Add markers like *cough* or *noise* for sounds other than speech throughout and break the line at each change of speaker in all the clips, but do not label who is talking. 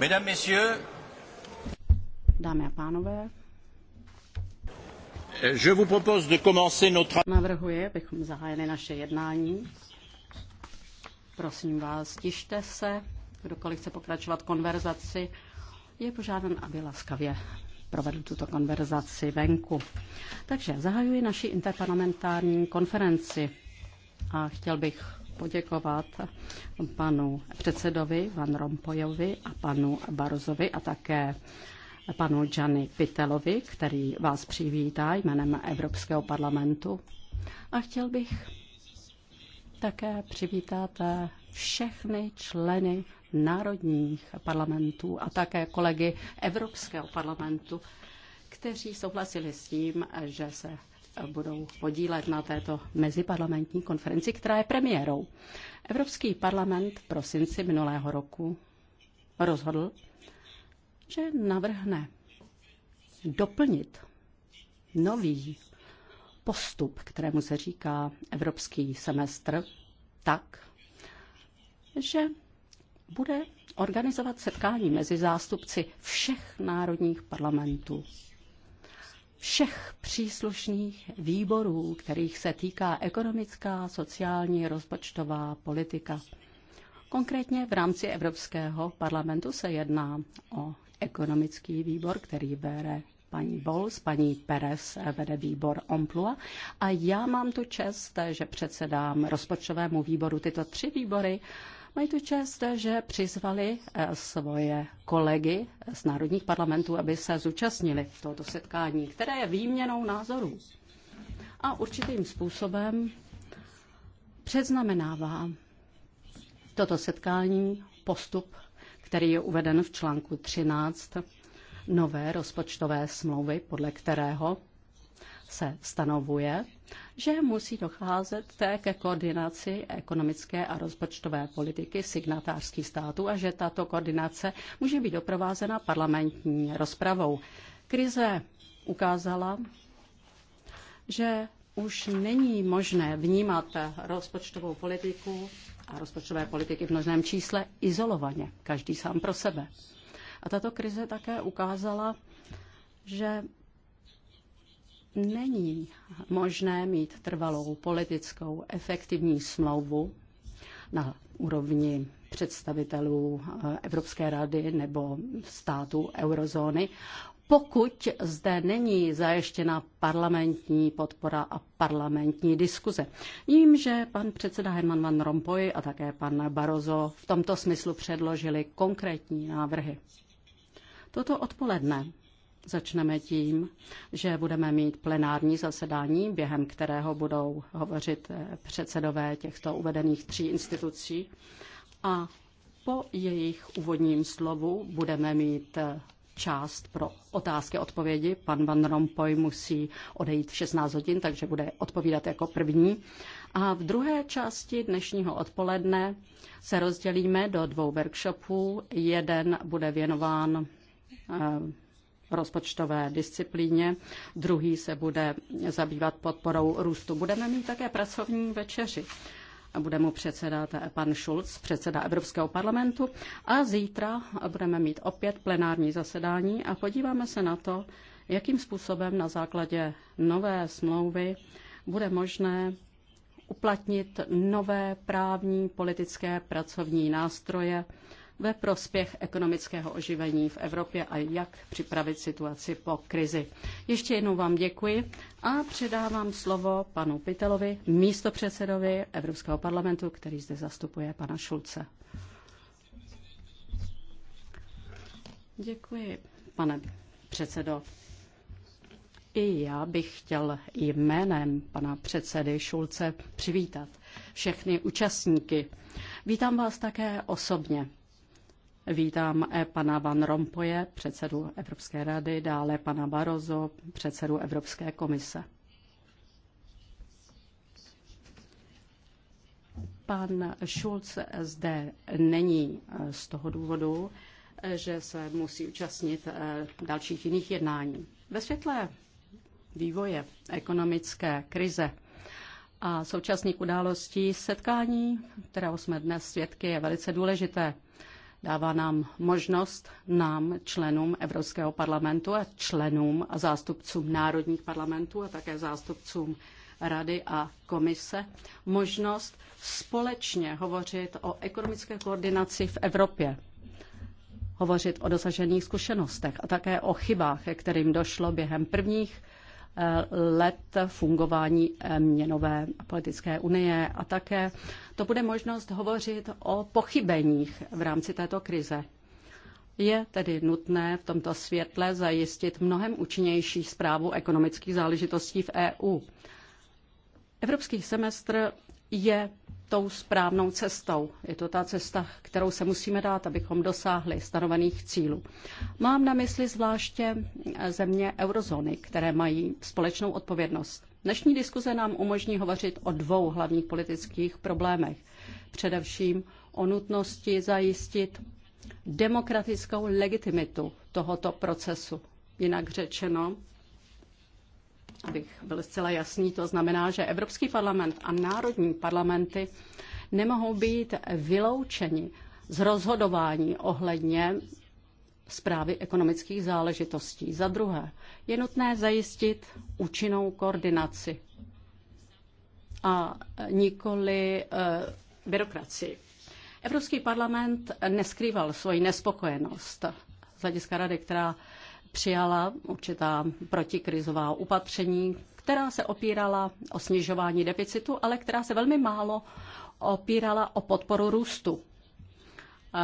Mesdames, Messieurs,
Dámy a pánové,
je vous propose de commencer notre... Navrhuji,
abychom zahájili naše jednání. Prosím vás, tište se. Kdokoliv chce pokračovat konverzaci, je požádán, aby laskavě provedl tuto konverzaci venku. Takže zahajuji naši interparlamentární konferenci a chtěl bych poděkovat panu předsedovi Van Rompojovi a panu Barozovi a také panu Gianni Pitelovi, který vás přivítá jménem Evropského parlamentu. A chtěl bych také přivítat všechny členy národních parlamentů a také kolegy Evropského parlamentu, kteří souhlasili s tím, že se budou podílet na této meziparlamentní konferenci, která je premiérou. Evropský parlament v prosinci minulého roku rozhodl, že navrhne doplnit nový postup, kterému se říká Evropský semestr, tak, že bude organizovat setkání mezi zástupci všech národních parlamentů všech příslušných výborů, kterých se týká ekonomická, sociální, rozpočtová politika. Konkrétně v rámci Evropského parlamentu se jedná o ekonomický výbor, který bere paní Bols, paní Perez vede výbor Omplua a já mám tu čest, že předsedám rozpočtovému výboru tyto tři výbory Mají tu čest, že přizvali eh, svoje kolegy z národních parlamentů, aby se zúčastnili tohoto setkání, které je výměnou názorů. A určitým způsobem předznamenává toto setkání postup, který je uveden v článku 13 nové rozpočtové smlouvy, podle kterého se stanovuje, že musí docházet ke koordinaci ekonomické a rozpočtové politiky signatářských států a že tato koordinace může být doprovázena parlamentní rozpravou. Krize ukázala, že už není možné vnímat rozpočtovou politiku a rozpočtové politiky v množném čísle izolovaně, každý sám pro sebe. A tato krize také ukázala, že není možné mít trvalou politickou efektivní smlouvu na úrovni představitelů eh, Evropské rady nebo států eurozóny, pokud zde není zajištěna parlamentní podpora a parlamentní diskuze. Vím, že pan předseda Herman Van Rompuy a také pan Barozo v tomto smyslu předložili konkrétní návrhy. Toto odpoledne Začneme tím, že budeme mít plenární zasedání, během kterého budou hovořit eh, předsedové těchto uvedených tří institucí. A po jejich úvodním slovu budeme mít eh, část pro otázky odpovědi. Pan Van Rompuy musí odejít v 16 hodin, takže bude odpovídat jako první. A v druhé části dnešního odpoledne se rozdělíme do dvou workshopů. Jeden bude věnován eh, rozpočtové disciplíně, druhý se bude zabývat podporou růstu. Budeme mít také pracovní večeři. Bude mu předsedat pan Schulz, předseda Evropského parlamentu. A zítra budeme mít opět plenární zasedání a podíváme se na to, jakým způsobem na základě nové smlouvy bude možné uplatnit nové právní, politické, pracovní nástroje ve prospěch ekonomického oživení v Evropě a jak připravit situaci po krizi. Ještě jednou vám děkuji a předávám slovo panu Pitelovi, místopředsedovi Evropského parlamentu, který zde zastupuje pana Šulce. Děkuji, pane předsedo. I já bych chtěl jménem pana předsedy Šulce přivítat všechny účastníky. Vítám vás také osobně. Vítám eh, pana Van Rompoje, předsedu Evropské rady, dále pana Barozo, předsedu Evropské komise. Pan Schulz zde není eh, z toho důvodu, eh, že se musí účastnit dalších jiných jednání. Ve světle vývoje ekonomické krize a současných událostí setkání, kterého jsme dnes svědky, je velice důležité. Dává nám možnost nám, členům Evropského parlamentu a členům a zástupcům národních parlamentů a také zástupcům Rady a komise možnost společně hovořit o ekonomické koordinaci v Evropě hovořit o dosažených zkušenostech a také o chybách, kterým došlo během prvních let fungování eh, měnové a politické unie a také to bude možnost hovořit o pochybeních v rámci této krize. Je tedy nutné v tomto světle zajistit mnohem účinnější zprávu ekonomických záležitostí v EU. Evropský semestr je tou správnou cestou. Je to ta cesta, kterou se musíme dát, abychom dosáhli stanovených cílů. Mám na mysli zvláště eh, země eurozóny, které mají společnou odpovědnost. Dnešní diskuze nám umožní hovořit o dvou hlavních politických problémech. Především o nutnosti zajistit demokratickou legitimitu tohoto procesu. Jinak řečeno, abych byl zcela jasný, to znamená, že Evropský parlament a národní parlamenty nemohou být vyloučeni z rozhodování ohledně zprávy ekonomických záležitostí. Za druhé, je nutné zajistit účinnou koordinaci a nikoli e, byrokracii. Evropský parlament neskrýval svoji nespokojenost z hlediska rady, která přijala určitá protikrizová upatření, která se opírala o snižování deficitu, ale která se velmi málo opírala o podporu růstu.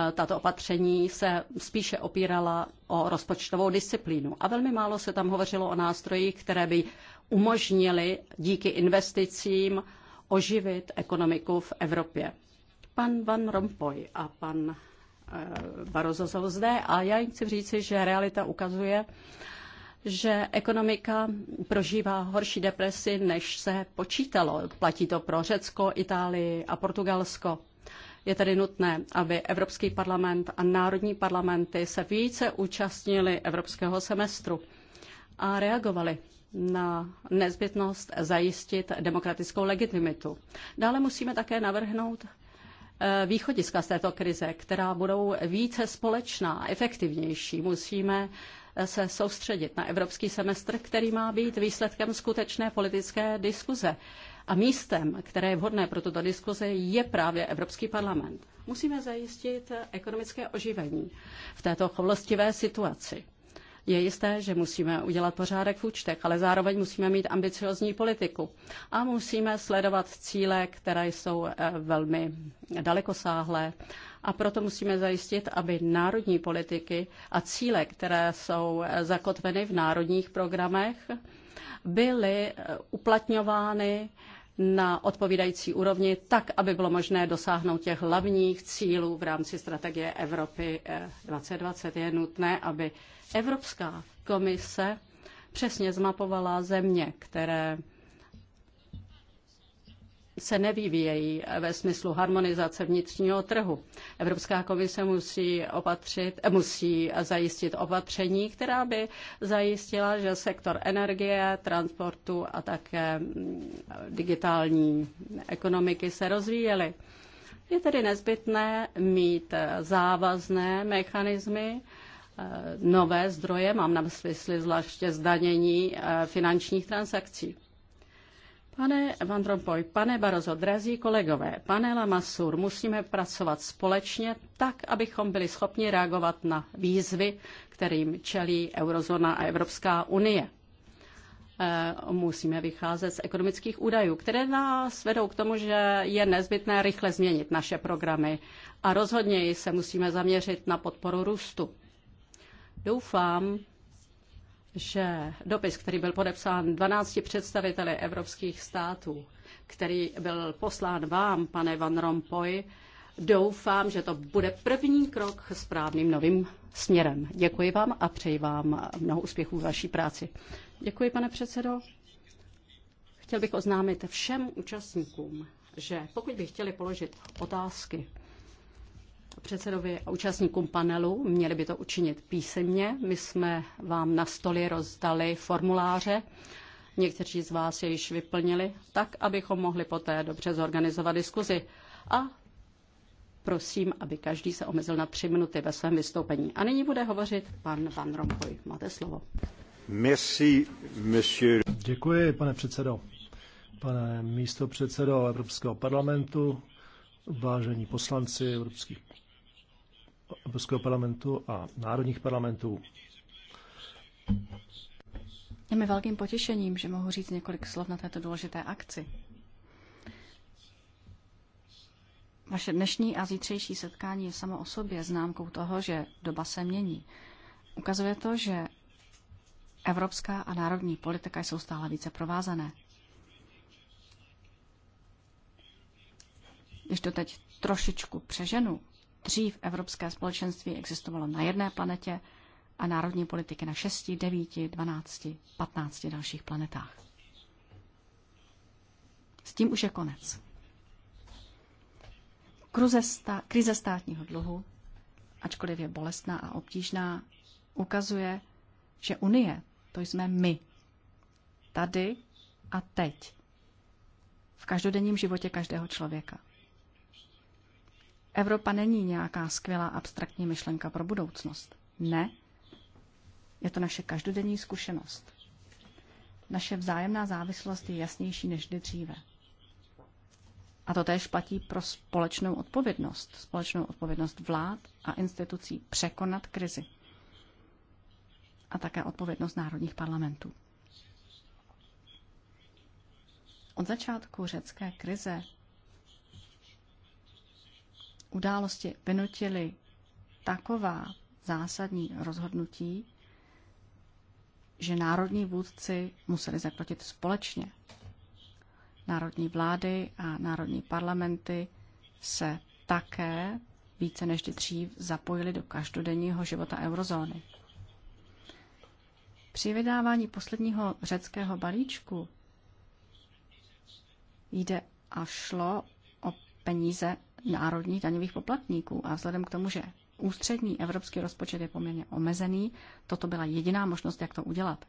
E, tato opatření se spíše opírala o rozpočtovou disciplínu a velmi málo se tam hovořilo o nástrojích, které by umožnily díky investicím oživit ekonomiku v Evropě. Pan Van Rompuy a pan Barozo jsou zde a já jim chci říci, že realita ukazuje, že ekonomika prožívá horší depresi, než se počítalo. Platí to pro Řecko, Itálii a Portugalsko. Je tedy nutné, aby Evropský parlament a národní parlamenty se více účastnili evropského semestru a reagovali na nezbytnost zajistit demokratickou legitimitu. Dále musíme také navrhnout Eh, východiska z této krize, která budou více společná, efektivnější. Musíme eh, se soustředit na evropský semestr, který má být výsledkem skutečné politické diskuze. A místem, které je vhodné pro tuto diskuze, je právě Evropský parlament. Musíme zajistit ekonomické oživení v této chovlostivé situaci. Je jisté, že musíme udělat pořádek v účtech, ale zároveň musíme mít ambiciozní politiku a musíme sledovat cíle, které jsou eh, velmi dalekosáhlé. A proto musíme zajistit, aby národní politiky a cíle, které jsou eh, zakotveny v národních programech, byly eh, uplatňovány na odpovídající úrovni, tak, aby bylo možné dosáhnout těch hlavních cílů v rámci strategie Evropy 2020. Eh, Je nutné, aby Evropská komise přesně zmapovala země, které se nevyvíjejí ve smyslu harmonizace vnitřního trhu. Evropská komise musí, opatřit, eh, musí zajistit opatření, která by zajistila, že sektor energie, transportu a také mm, digitální ekonomiky se rozvíjely. Je tedy nezbytné mít eh, závazné mechanismy, eh, nové zdroje, mám na mysli zvláště zdanění finančních transakcí. Pane Van Rompuy, pane Barozo, drazí kolegové, pane Lamassur, musíme pracovat společně tak, abychom byli schopni reagovat na výzvy, kterým čelí eurozóna a Evropská unie. Eh, musíme vycházet z ekonomických údajů, které nás vedou k tomu, že je nezbytné rychle změnit naše programy a rozhodněji se musíme zaměřit na podporu růstu. Doufám, že dopis, který byl podepsán 12 představiteli evropských států, který byl poslán vám, pane Van Rompuy, doufám, že to bude první krok správným novým směrem. Děkuji vám a přeji vám mnoho úspěchů v vaší práci. Děkuji, pane předsedo. Chtěl bych oznámit všem účastníkům, že pokud by chtěli položit otázky, předsedovi a účastníkům panelu. Měli by to učinit písemně. My jsme vám na stoli rozdali formuláře. Někteří z vás je již vyplnili, tak abychom mohli poté dobře zorganizovat diskuzi. A prosím, aby každý se omezil na tři minuty ve svém vystoupení. A nyní bude hovořit pan Van Rompuy. Máte slovo.
Merci, monsieur. Děkuji, pane předsedo. Pane místo předsedo Evropského parlamentu, vážení poslanci Evropských Evropského parlamentu a národních parlamentů.
Je mi velkým potěšením, že mohu říct několik slov na této důležité akci. Vaše dnešní a zítřejší setkání je samo o sobě známkou toho, že doba se mění. Ukazuje to, že evropská a národní politika jsou stále více provázané. Když to teď trošičku přeženu, Dřív Evropské společenství existovalo na jedné planetě a národní politiky na 6, 9, 12, 15 dalších planetách. S tím už je konec. Krize státního dluhu, ačkoliv je bolestná a obtížná, ukazuje, že Unie to jsme my. Tady a teď. V každodenním životě každého člověka. Evropa není nějaká skvělá abstraktní myšlenka pro budoucnost. Ne. Je to naše každodenní zkušenost. Naše vzájemná závislost je jasnější než kdy dříve. A to též platí pro společnou odpovědnost. Společnou odpovědnost vlád a institucí překonat krizi. A také odpovědnost národních parlamentů. Od začátku řecké krize události vynutily taková zásadní rozhodnutí, že národní vůdci museli zakročit společně. Národní vlády a národní parlamenty se také více než dřív zapojili do každodenního života eurozóny. Při vydávání posledního řeckého balíčku jde a šlo o peníze národních daňových poplatníků. A vzhledem k tomu, že ústřední evropský rozpočet je poměrně omezený, toto byla jediná možnost, jak to udělat.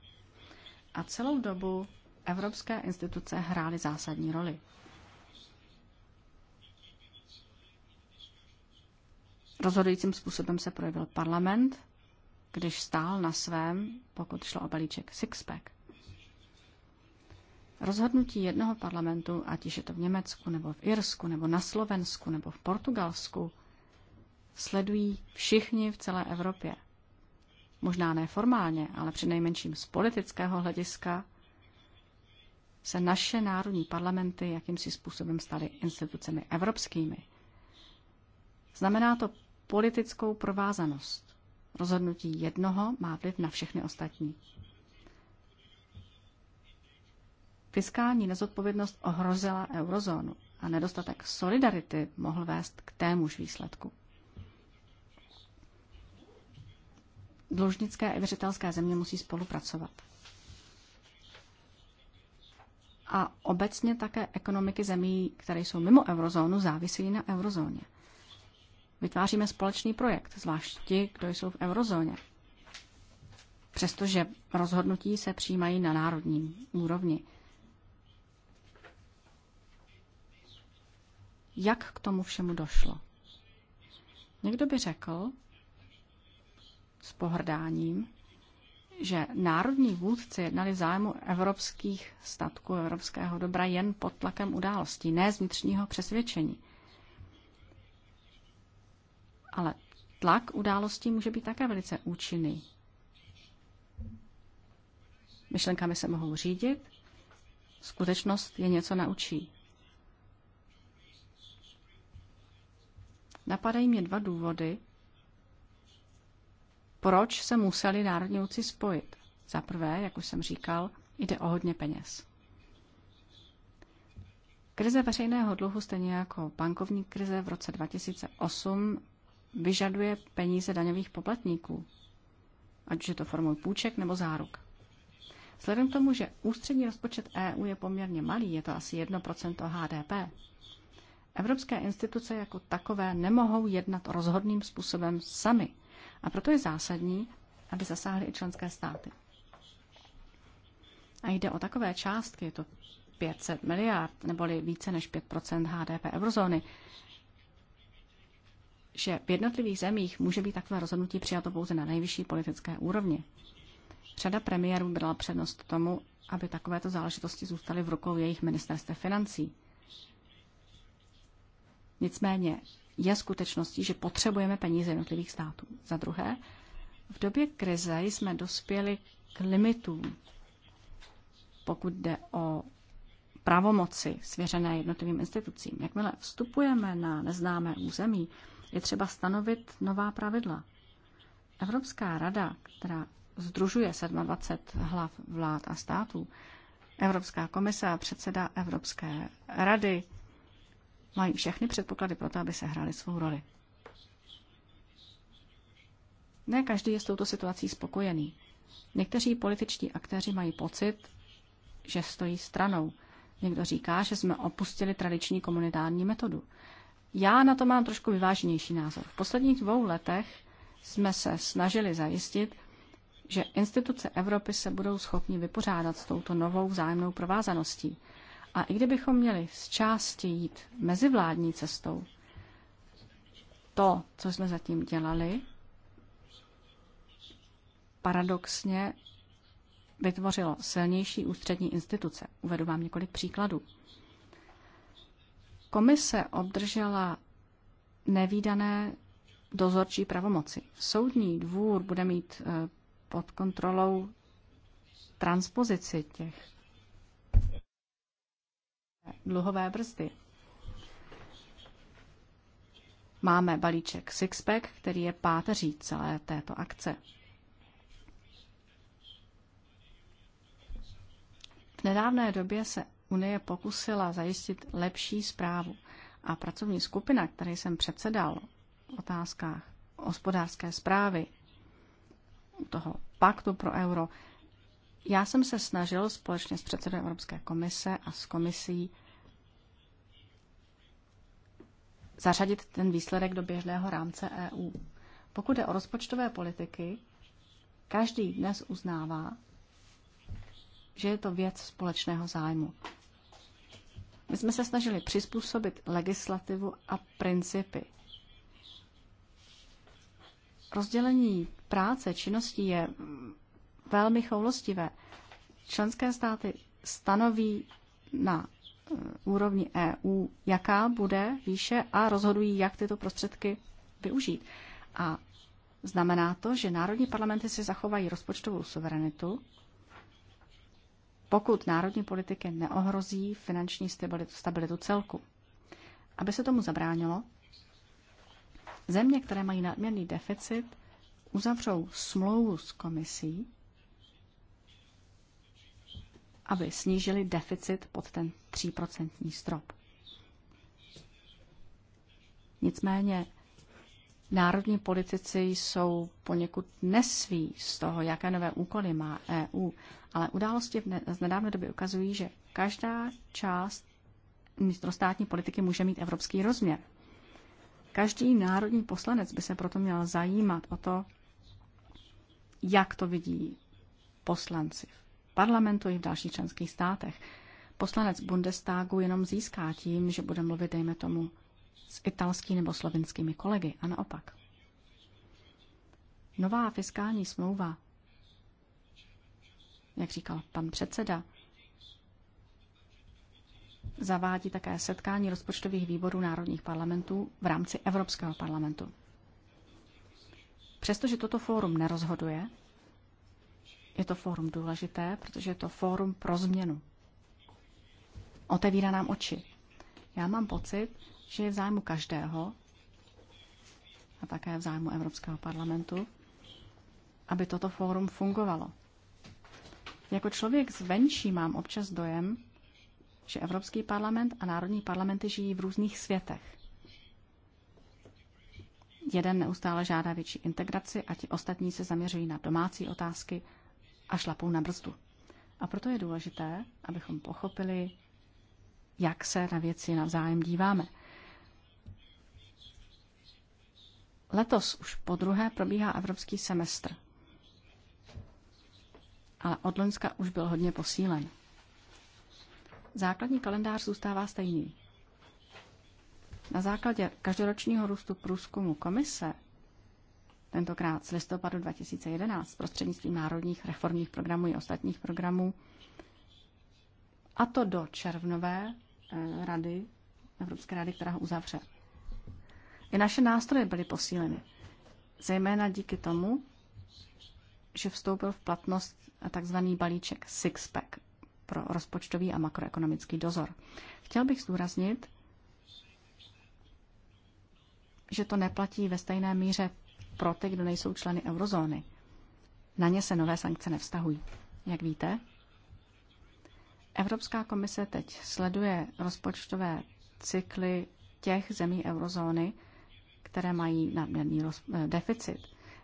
A celou dobu evropské instituce hrály zásadní roli. Rozhodujícím způsobem se projevil parlament, když stál na svém, pokud šlo o balíček Sixpack. Rozhodnutí jednoho parlamentu, ať je to v Německu, nebo v Irsku, nebo na Slovensku, nebo v Portugalsku, sledují všichni v celé Evropě. Možná ne formálně, ale nejmenším z politického hlediska se naše národní parlamenty jakýmsi způsobem staly institucemi evropskými. Znamená to politickou provázanost. Rozhodnutí jednoho má vliv na všechny ostatní. Fiskální nezodpovědnost ohrozila eurozónu a nedostatek solidarity mohl vést k témuž výsledku. Dlužnické i věřitelské země musí spolupracovat. A obecně také ekonomiky zemí, které jsou mimo eurozónu, závisí na eurozóně. Vytváříme společný projekt, zvlášť ti, kdo jsou v eurozóně. Přestože rozhodnutí se přijímají na národní úrovni. jak k tomu všemu došlo. Někdo by řekl s pohrdáním, že národní vůdci jednali v zájmu evropských statků, evropského dobra jen pod tlakem událostí, ne z vnitřního přesvědčení. Ale tlak událostí může být také velice účinný. Myšlenkami se mohou řídit, skutečnost je něco naučí. Napadají mě dva důvody, proč se museli národní uci spojit. Za prvé, jak už jsem říkal, jde o hodně peněz. Krize veřejného dluhu, stejně jako bankovní krize v roce 2008, vyžaduje peníze daňových poplatníků, ať už je to formou půjček nebo záruk. Vzhledem k tomu, že ústřední rozpočet EU je poměrně malý, je to asi 1% HDP, Evropské instituce jako takové nemohou jednat rozhodným způsobem sami. A proto je zásadní, aby zasáhly i členské státy. A jde o takové částky, je to 500 miliard, neboli více než 5 HDP eurozóny, že v jednotlivých zemích může být takové rozhodnutí přijato pouze na nejvyšší politické úrovni. Řada premiérů byla přednost tomu, aby takovéto záležitosti zůstaly v rukou jejich ministerstve financí. Nicméně je skutečností, že potřebujeme peníze jednotlivých států. Za druhé, v době krize jsme dospěli k limitům, pokud jde o pravomoci svěřené jednotlivým institucím. Jakmile vstupujeme na neznámé území, je třeba stanovit nová pravidla. Evropská rada, která združuje 27 hlav vlád a států, Evropská komise a předseda Evropské rady, mají všechny předpoklady pro to, aby se hrali svou roli. Ne každý je s touto situací spokojený. Někteří političtí aktéři mají pocit, že stojí stranou. Někdo říká, že jsme opustili tradiční komunitární metodu. Já na to mám trošku vyváženější názor. V posledních dvou letech jsme se snažili zajistit, že instituce Evropy se budou schopni vypořádat s touto novou vzájemnou provázaností. A i kdybychom měli z části jít mezivládní cestou, to, co jsme zatím dělali, paradoxně vytvořilo silnější ústřední instituce. Uvedu vám několik příkladů. Komise obdržela nevýdané dozorčí pravomoci. Soudní dvůr bude mít eh, pod kontrolou transpozici těch dluhové brzdy. Máme balíček Sixpack, který je páteří celé této akce. V nedávné době se Unie pokusila zajistit lepší zprávu a pracovní skupina, které jsem předsedal v otázkách hospodářské zprávy, toho paktu pro euro, já jsem se snažil společně s předsedou Evropské komise a s komisí zařadit ten výsledek do běžného rámce EU. Pokud je o rozpočtové politiky, každý dnes uznává, že je to věc společného zájmu. My jsme se snažili přizpůsobit legislativu a principy. Rozdělení práce, činností je velmi choulostivé. Členské státy stanoví na úrovni EU, jaká bude výše a rozhodují, jak tyto prostředky využít. A znamená to, že národní parlamenty si zachovají rozpočtovou suverenitu, pokud národní politiky neohrozí finanční stabilitu, stabilitu celku. Aby se tomu zabránilo, země, které mají nadměrný deficit, uzavřou smlouvu s komisí, aby snížili deficit pod ten 3% strop. Nicméně národní politici jsou poněkud nesví z toho, jaké nové úkoly má EU, ale události v ne- z nedávné doby ukazují, že každá část vnitrostátní politiky může mít evropský rozměr. Každý národní poslanec by se proto měl zajímat o to, jak to vidí poslanci v parlamentu i v dalších členských státech. Poslanec Bundestagu jenom získá tím, že bude mluvit, dejme tomu, s italský nebo slovinskými kolegy a naopak. Nová fiskální smlouva, jak říkal pan předseda, zavádí také setkání rozpočtových výborů národních parlamentů v rámci Evropského parlamentu. Přestože toto fórum nerozhoduje, je to fórum důležité, protože je to fórum pro změnu. Otevírá nám oči. Já mám pocit, že je v zájmu každého a také v zájmu Evropského parlamentu, aby toto fórum fungovalo. Jako člověk zvenčí mám občas dojem, že Evropský parlament a národní parlamenty žijí v různých světech. Jeden neustále žádá větší integraci a ti ostatní se zaměřují na domácí otázky a šlapou na brzdu. A proto je důležité, abychom pochopili, jak se na věci navzájem díváme. Letos už po druhé probíhá evropský semestr, ale od Loňska už byl hodně posílen. Základní kalendář zůstává stejný. Na základě každoročního růstu průzkumu komise tentokrát z listopadu 2011, prostřednictvím národních reformních programů i ostatních programů, a to do červnové eh, rady, Evropské rady, která ho uzavře. I naše nástroje byly posíleny, zejména díky tomu, že vstoupil v platnost tzv. balíček Sixpack pro rozpočtový a makroekonomický dozor. Chtěl bych zdůraznit, že to neplatí ve stejné míře pro ty, kdo nejsou členy eurozóny. Na ně se nové sankce nevztahují. Jak víte, Evropská komise teď sleduje rozpočtové cykly těch zemí eurozóny, které mají nadměrný eh, deficit.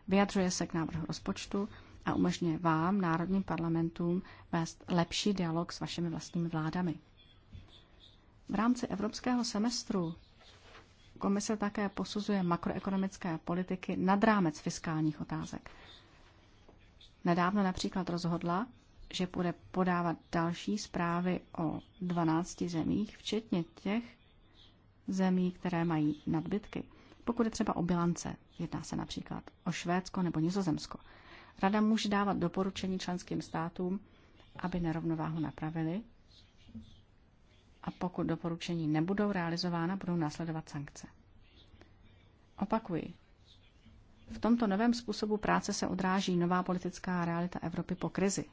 Vyjadřuje se k návrhu rozpočtu a umožňuje vám, národním parlamentům, vést lepší dialog s vašimi vlastními vládami. V rámci evropského semestru Komise také posuzuje makroekonomické politiky nad rámec fiskálních otázek. Nedávno například rozhodla, že bude podávat další zprávy o 12 zemích, včetně těch zemí, které mají nadbytky. Pokud je třeba o bilance, jedná se například o Švédsko nebo Nizozemsko. Rada může dávat doporučení členským státům, aby nerovnováhu napravili a pokud doporučení nebudou realizována, budou následovat sankce. Opakuji. V tomto novém způsobu práce se odráží nová politická realita Evropy po krizi.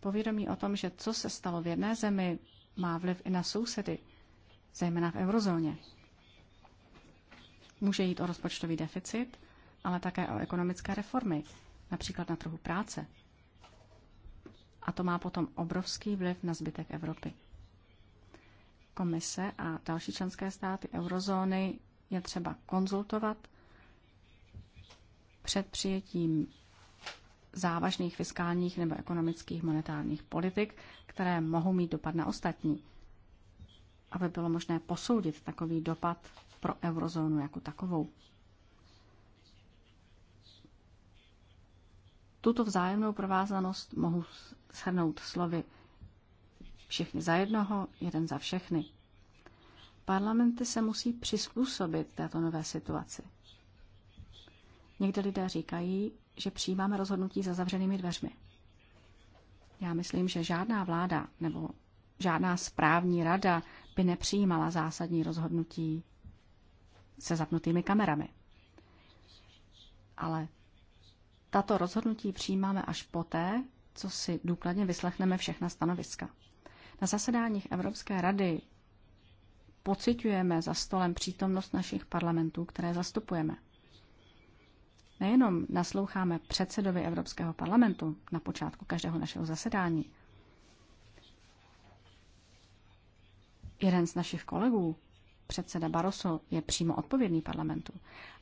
Povědomí o tom, že co se stalo v jedné zemi, má vliv i na sousedy, zejména v eurozóně. Může jít o rozpočtový deficit, ale také o ekonomické reformy, například na trhu práce, a to má potom obrovský vliv na zbytek Evropy. Komise a další členské státy eurozóny je třeba konzultovat před přijetím závažných fiskálních nebo ekonomických monetárních politik, které mohou mít dopad na ostatní, aby bylo možné posoudit takový dopad pro eurozónu jako takovou. Tuto vzájemnou provázanost mohu shrnout slovy všichni za jednoho, jeden za všechny. Parlamenty se musí přizpůsobit této nové situaci. Někde lidé říkají, že přijímáme rozhodnutí za zavřenými dveřmi. Já myslím, že žádná vláda nebo žádná správní rada by nepřijímala zásadní rozhodnutí se zapnutými kamerami. Ale tato rozhodnutí přijímáme až poté, co si důkladně vyslechneme všechna stanoviska. Na zasedáních Evropské rady pocitujeme za stolem přítomnost našich parlamentů, které zastupujeme. Nejenom nasloucháme předsedovi Evropského parlamentu na počátku každého našeho zasedání, jeden z našich kolegů předseda Barroso je přímo odpovědný parlamentu.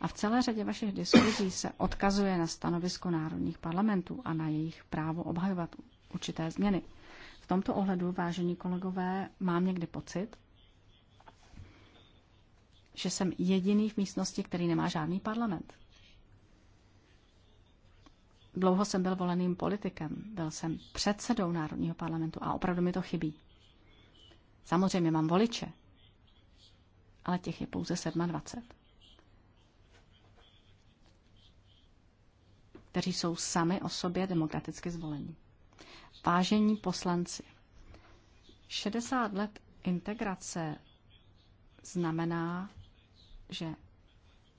A v celé řadě vašich diskuzí se odkazuje na stanovisko národních parlamentů a na jejich právo obhajovat určité změny. V tomto ohledu, vážení kolegové, mám někdy pocit, že jsem jediný v místnosti, který nemá žádný parlament. Dlouho jsem byl voleným politikem, byl jsem předsedou Národního parlamentu a opravdu mi to chybí. Samozřejmě mám voliče, ale těch je pouze 27, kteří jsou sami o sobě demokraticky zvolení. Vážení poslanci, 60 let integrace znamená, že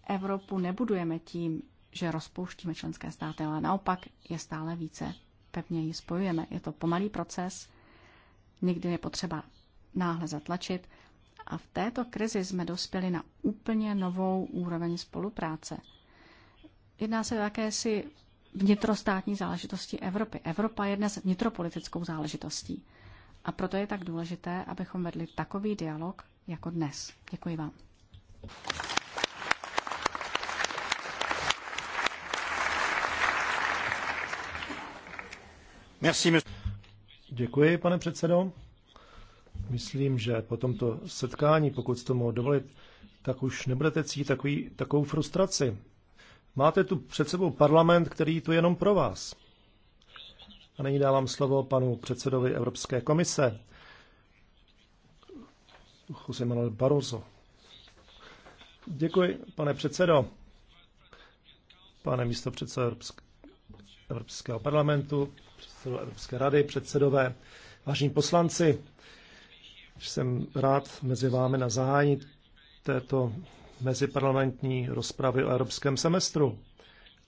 Evropu nebudujeme tím, že rozpouštíme členské státy, ale naopak je stále více pevněji spojujeme. Je to pomalý proces, někdy je potřeba náhle zatlačit, a v této krizi jsme dospěli na úplně novou úroveň spolupráce. Jedná se o jakési vnitrostátní záležitosti Evropy. Evropa je dnes vnitropolitickou záležitostí. A proto je tak důležité, abychom vedli takový dialog jako dnes. Děkuji vám.
Děkuji, pane předsedo. Myslím, že po tomto setkání, pokud jste mohl dovolit, tak už nebudete cítit takový, takovou frustraci. Máte tu před sebou parlament, který tu je jenom pro vás. A nyní dávám slovo panu předsedovi Evropské komise, Jose Manuel Barroso. Děkuji, pane předsedo, pane místo předsedo Evropského parlamentu, předsedo Evropské rady, předsedové, vážení poslanci. Jsem rád mezi vámi na zahájení této meziparlamentní rozpravy o evropském semestru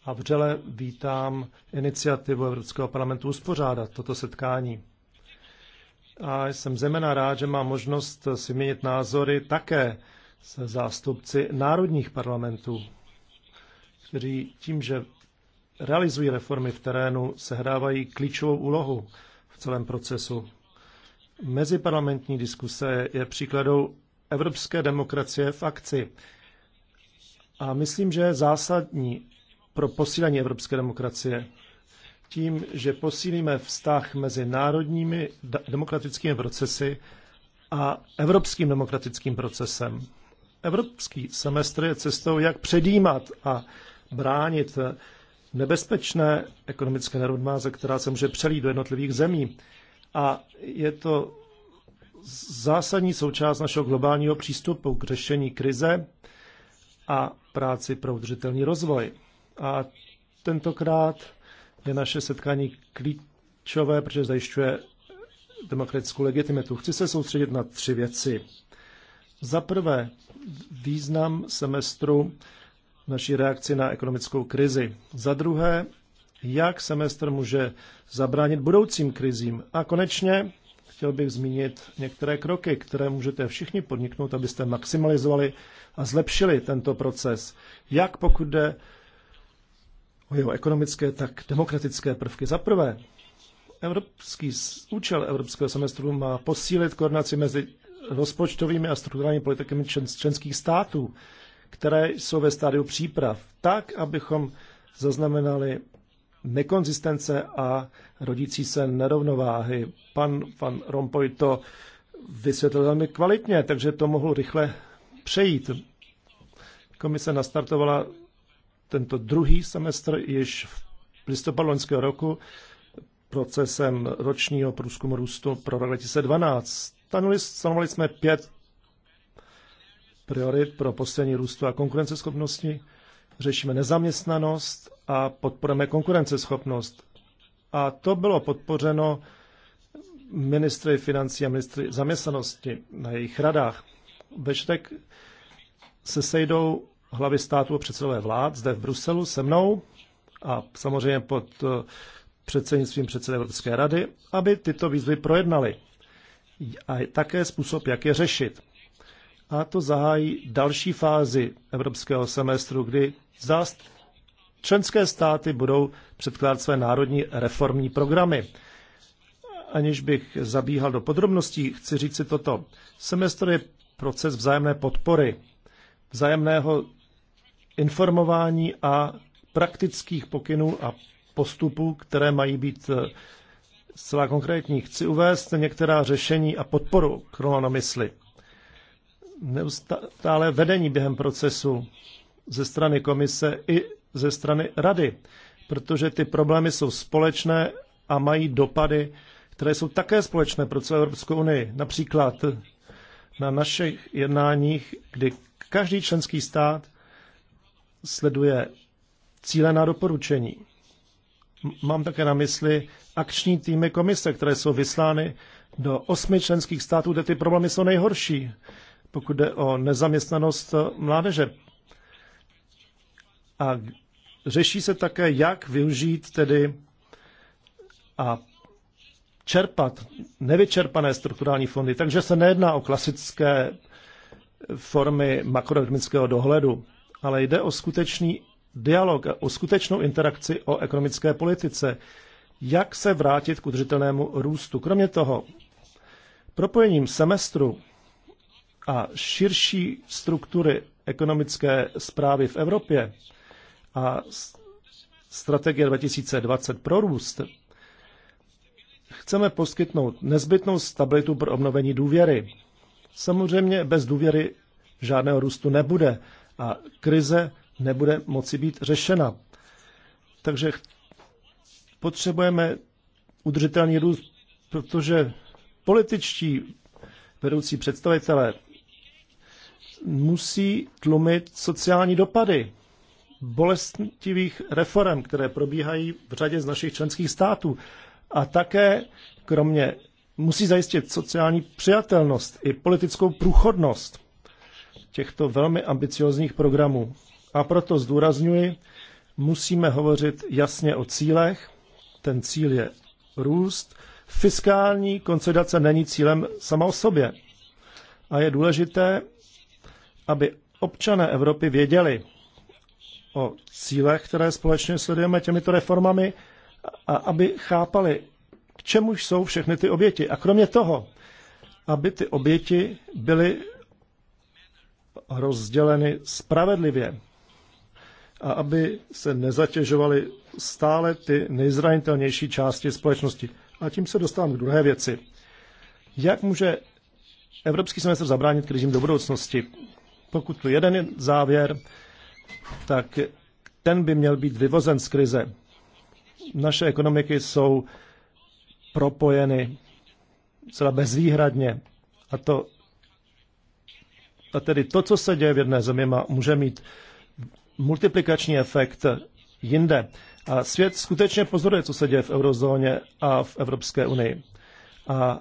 a vřele vítám iniciativu Evropského parlamentu uspořádat toto setkání. A jsem zejména rád, že mám možnost si měnit názory také se zástupci národních parlamentů, kteří tím, že realizují reformy v terénu, sehrávají klíčovou úlohu v celém procesu. Meziparlamentní diskuse je příkladou evropské demokracie v akci. A myslím, že je zásadní pro posílení evropské demokracie tím, že posílíme vztah mezi národními demokratickými procesy a evropským demokratickým procesem. Evropský semestr je cestou, jak předjímat a bránit nebezpečné ekonomické nerovnováze, která se může přelít do jednotlivých zemí a je to zásadní součást našeho globálního přístupu k řešení krize a práci pro udržitelný rozvoj. A tentokrát je naše setkání klíčové, protože zajišťuje demokratickou legitimitu. Chci se soustředit na tři věci. Za prvé, význam semestru naší reakci na ekonomickou krizi. Za druhé, jak semestr může zabránit budoucím krizím. A konečně chtěl bych zmínit některé kroky, které můžete všichni podniknout, abyste maximalizovali a zlepšili tento proces, jak pokud jde o jeho ekonomické, tak demokratické prvky. Za prvé, evropský, účel evropského semestru má posílit koordinaci mezi rozpočtovými a strukturálními politikami členských států, které jsou ve stádiu příprav, tak, abychom zaznamenali nekonzistence a rodící se nerovnováhy. Pan, pan Rompuy to vysvětlil velmi kvalitně, takže to mohl rychle přejít. Komise nastartovala tento druhý semestr již v listopadu loňského roku procesem ročního průzkumu růstu pro rok 2012. Stanovali jsme pět priorit pro posílení růstu a konkurenceschopnosti. Řešíme nezaměstnanost a podporujeme konkurenceschopnost. A to bylo podpořeno ministry financí a ministry zaměstnanosti na jejich radách. Ve se sejdou hlavy států a předsedové vlád zde v Bruselu se mnou a samozřejmě pod eh, předsednictvím předsedy Evropské rady, aby tyto výzvy projednali. A také způsob, jak je řešit. A to zahájí další fázi evropského semestru, kdy zást Členské státy budou předkládat své národní reformní programy. Aniž bych zabíhal do podrobností, chci říct si toto. Semestr je proces vzájemné podpory, vzájemného informování a praktických pokynů a postupů, které mají být eh, zcela konkrétní. Chci uvést některá řešení a podporu, kterou mysli. Neustále vedení během procesu ze strany komise i ze strany rady, protože ty problémy jsou společné a mají dopady, které jsou také společné pro celou Evropskou unii. Například na našich jednáních, kdy každý členský stát sleduje cíle na doporučení. Mám také na mysli akční týmy komise, které jsou vyslány do osmi členských států, kde ty problémy jsou nejhorší, pokud jde o nezaměstnanost mládeže. A Řeší se také, jak využít tedy a čerpat nevyčerpané strukturální fondy. Takže se nejedná o klasické formy makroekonomického dohledu, ale jde o skutečný dialog, o skutečnou interakci o ekonomické politice. Jak se vrátit k udržitelnému růstu? Kromě toho, propojením semestru a širší struktury ekonomické zprávy v Evropě a strategie 2020 pro růst, chceme poskytnout nezbytnou stabilitu pro obnovení důvěry. Samozřejmě bez důvěry žádného růstu nebude a krize nebude moci být řešena. Takže potřebujeme udržitelný růst, protože političtí vedoucí představitelé musí tlumit sociální dopady bolestivých reform, které probíhají v řadě z našich členských států. A také, kromě, musí zajistit sociální přijatelnost i politickou průchodnost těchto velmi ambiciozních programů. A proto zdůrazňuji, musíme hovořit jasně o cílech. Ten cíl je růst. Fiskální konsolidace není cílem sama o sobě. A je důležité, aby občané Evropy věděli, o cílech, které společně sledujeme těmito reformami, a aby chápali, k čemu jsou všechny ty oběti. A kromě toho, aby ty oběti byly rozděleny spravedlivě a aby se nezatěžovaly stále ty nejzranitelnější části společnosti. A tím se dostávám k druhé věci. Jak může Evropský semestr zabránit krizím do budoucnosti? Pokud tu jeden závěr, tak ten by měl být vyvozen z krize. Naše ekonomiky jsou propojeny celá bezvýhradně. A to a tedy to, co se děje v jedné zemi, má, může mít multiplikační efekt jinde. A svět skutečně pozoruje, co se děje v eurozóně a v Evropské unii. A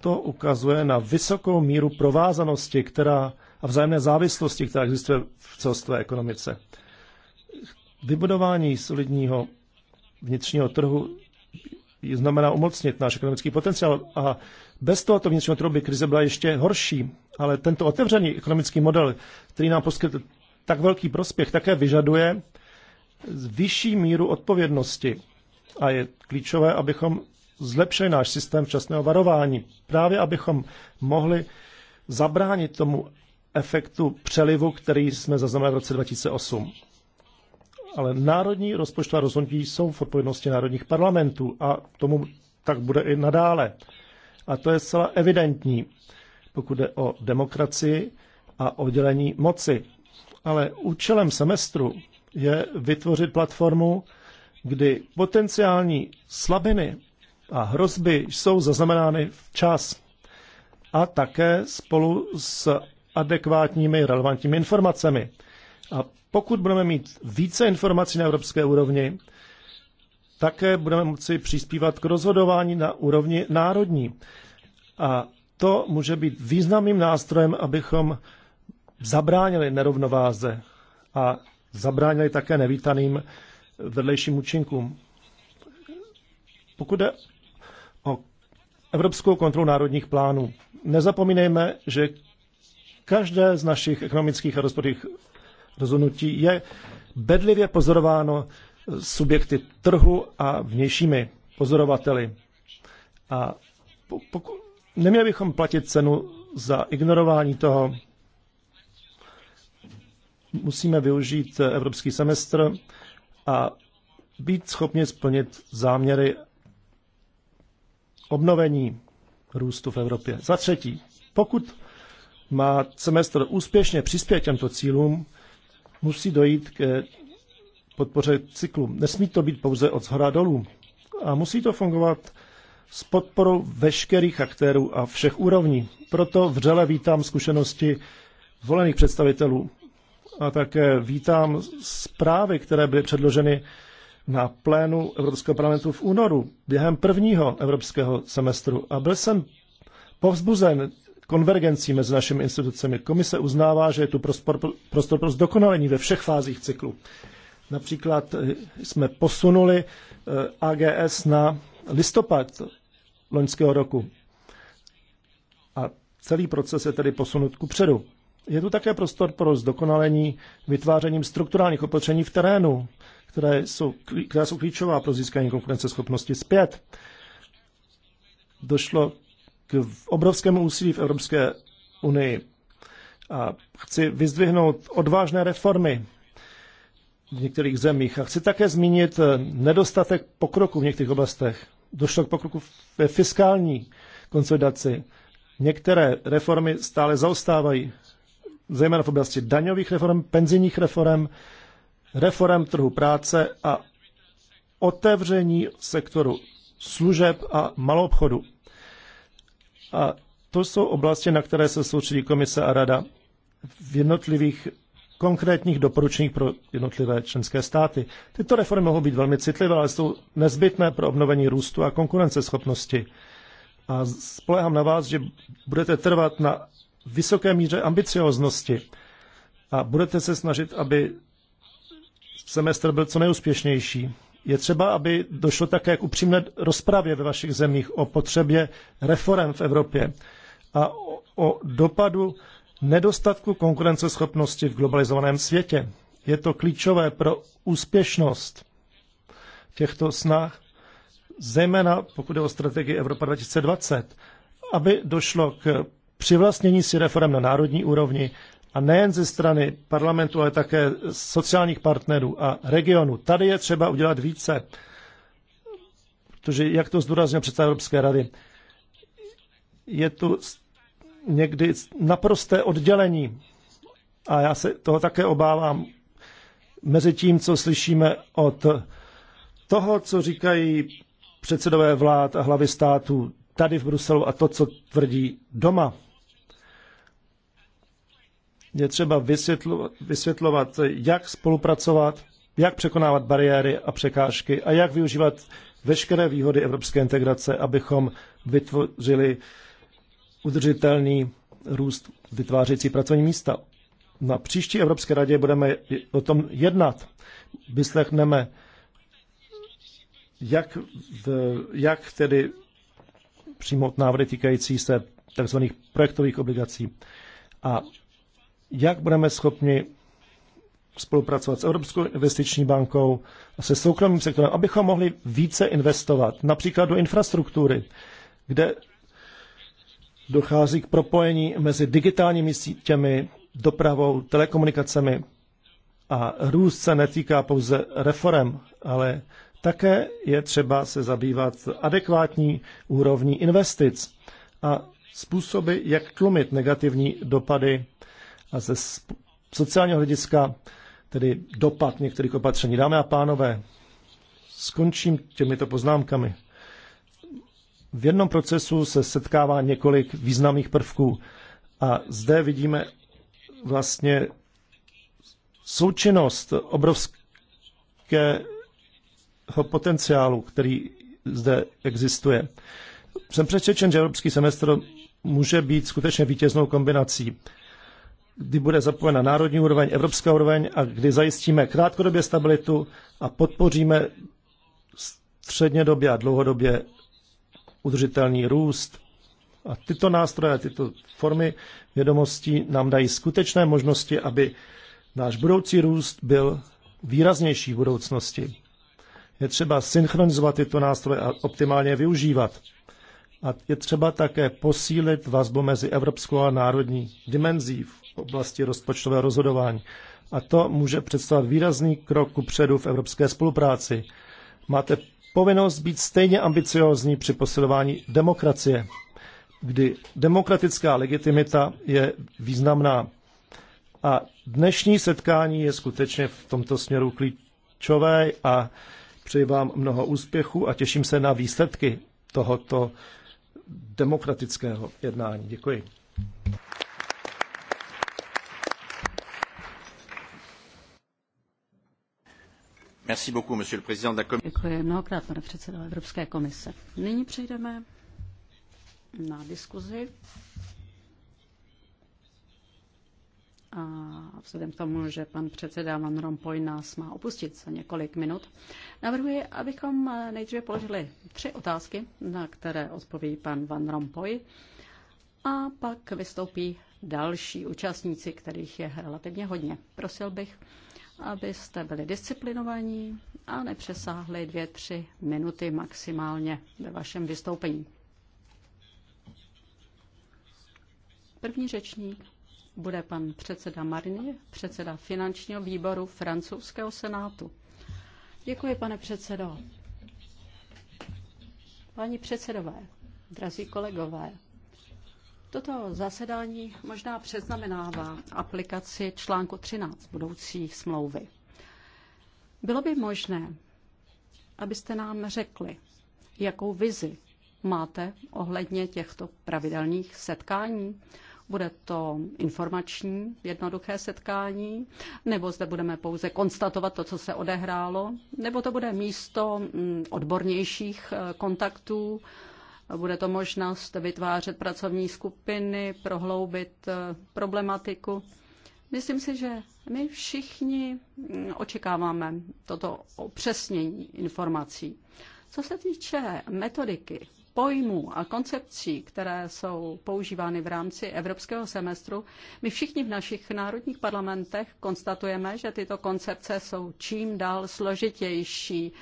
to ukazuje na vysokou míru provázanosti, která a vzájemné závislosti, která existuje v celostové ekonomice. Vybudování solidního vnitřního trhu znamená umocnit náš ekonomický potenciál a bez tohoto vnitřního trhu by krize byla ještě horší, ale tento otevřený ekonomický model, který nám poskytl tak velký prospěch, také vyžaduje vyšší míru odpovědnosti a je klíčové, abychom zlepšili náš systém včasného varování, právě abychom mohli zabránit tomu, efektu přelivu, který jsme zaznamenali v roce 2008. Ale národní rozpočtová rozhodnutí jsou v odpovědnosti národních parlamentů a tomu tak bude i nadále. A to je zcela evidentní, pokud jde o demokracii a oddělení moci. Ale účelem semestru je vytvořit platformu, kdy potenciální slabiny a hrozby jsou zaznamenány včas a také spolu s adekvátními relevantními informacemi. A pokud budeme mít více informací na evropské úrovni, také budeme moci přispívat k rozhodování na úrovni národní. A to může být významným nástrojem, abychom zabránili nerovnováze a zabránili také nevítaným vedlejším účinkům. Pokud jde o evropskou kontrolu národních plánů, nezapomínejme, že Každé z našich ekonomických a rozpočtových rozhodnutí je bedlivě pozorováno subjekty trhu a vnějšími pozorovateli. A poku, neměli bychom platit cenu za ignorování toho. Musíme využít evropský semestr a být schopni splnit záměry obnovení růstu v Evropě. Za třetí, pokud má semestr úspěšně přispět těmto cílům, musí dojít k podpoře cyklu. Nesmí to být pouze od zhora dolů. A musí to fungovat s podporou veškerých aktérů a všech úrovní. Proto vřele vítám zkušenosti volených představitelů a také vítám zprávy, které byly předloženy na plénu Evropského parlamentu v únoru během prvního evropského semestru. A byl jsem povzbuzen konvergencí mezi našimi institucemi. Komise uznává, že je tu prostor, prostor pro zdokonalení ve všech fázích cyklu. Například eh, jsme posunuli eh, AGS na listopad loňského roku. A celý proces je tedy posunut ku předu. Je tu také prostor pro zdokonalení vytvářením strukturálních opatření v terénu, které jsou, která jsou klíčová pro získání konkurenceschopnosti zpět. Došlo k obrovskému úsilí v Evropské unii. A chci vyzdvihnout odvážné reformy v některých zemích. A chci také zmínit eh, nedostatek pokroku v některých oblastech. Došlo k pokroku ve fiskální konsolidaci. Některé reformy stále zaostávají, zejména v oblasti daňových reform, penzijních reform, reform trhu práce a otevření sektoru služeb a maloobchodu. A to jsou oblasti, na které se soustředí komise a rada v jednotlivých konkrétních doporučeních pro jednotlivé členské státy. Tyto reformy mohou být velmi citlivé, ale jsou nezbytné pro obnovení růstu a konkurenceschopnosti. A spolehám na vás, že budete trvat na vysoké míře ambicioznosti a budete se snažit, aby semestr byl co nejúspěšnější. Je třeba, aby došlo také k upřímné rozpravě ve vašich zemích o potřebě reform v Evropě a o dopadu nedostatku konkurenceschopnosti v globalizovaném světě. Je to klíčové pro úspěšnost těchto snah, zejména pokud je o strategii Evropa 2020, aby došlo k přivlastnění si reform na národní úrovni a nejen ze strany parlamentu, ale také sociálních partnerů a regionu. Tady je třeba udělat více, protože, jak to zdůraznil předseda Evropské rady, je tu někdy naprosté oddělení a já se toho také obávám mezi tím, co slyšíme od toho, co říkají předsedové vlád a hlavy států tady v Bruselu a to, co tvrdí doma. Je třeba vysvětlovat, jak spolupracovat, jak překonávat bariéry a překážky a jak využívat veškeré výhody evropské integrace, abychom vytvořili udržitelný růst vytvářející pracovní místa. Na příští Evropské radě budeme o tom jednat. Vyslechneme, jak, v, jak tedy přijmout návrhy týkající se tzv. projektových obligací. A jak budeme schopni spolupracovat s Evropskou investiční bankou a se soukromým sektorem, abychom mohli více investovat, například do infrastruktury, kde dochází k propojení mezi digitálními sítěmi, dopravou, telekomunikacemi. A růst se netýká pouze reform, ale také je třeba se zabývat adekvátní úrovní investic a způsoby, jak tlumit negativní dopady a ze sociálního hlediska tedy dopad některých opatření. Dámy a pánové, skončím těmito poznámkami. V jednom procesu se setkává několik významných prvků a zde vidíme vlastně součinnost obrovského potenciálu, který zde existuje. Jsem přesvědčen, že evropský semestr může být skutečně vítěznou kombinací kdy bude zapojena národní úroveň, evropská úroveň a kdy zajistíme krátkodobě stabilitu a podpoříme střednědobě a dlouhodobě udržitelný růst. A tyto nástroje, tyto formy vědomostí nám dají skutečné možnosti, aby náš budoucí růst byl výraznější v budoucnosti. Je třeba synchronizovat tyto nástroje a optimálně využívat. A je třeba také posílit vazbu mezi evropskou a národní dimenzí v oblasti rozpočtového rozhodování. A to může představovat výrazný krok kupředu v evropské spolupráci. Máte povinnost být stejně ambiciózní při posilování demokracie, kdy demokratická legitimita je významná. A dnešní setkání je skutečně v tomto směru klíčové a přeji vám mnoho úspěchů a těším se na výsledky tohoto demokratického jednání. Děkuji.
Děkuji mnohokrát, pane předsedo Evropské komise. Nyní přejdeme na diskuzi. A vzhledem k tomu, že pan předseda Van Rompuy nás má opustit za několik minut, navrhuji, abychom nejdříve položili tři otázky, na které odpoví pan Van Rompuy. A pak vystoupí další účastníci, kterých je relativně hodně. Prosil bych abyste byli disciplinovaní a nepřesáhli dvě, tři minuty maximálně ve vašem vystoupení. První řečník bude pan předseda Marini, předseda finančního výboru francouzského senátu. Děkuji, pane předsedo. Paní předsedové, drazí kolegové, Toto zasedání možná přeznamenává aplikaci článku 13 budoucí smlouvy. Bylo by možné, abyste nám řekli, jakou vizi máte ohledně těchto pravidelných setkání? Bude to informační, jednoduché setkání, nebo zde budeme pouze konstatovat to, co se odehrálo, nebo to bude místo mm, odbornějších eh, kontaktů, bude to možnost vytvářet pracovní skupiny, prohloubit eh, problematiku. Myslím si, že my všichni mm, očekáváme toto opřesnění informací. Co se týče metodiky, pojmů a koncepcí, které jsou používány v rámci evropského semestru, my všichni v našich národních parlamentech konstatujeme, že tyto koncepce jsou čím dál složitější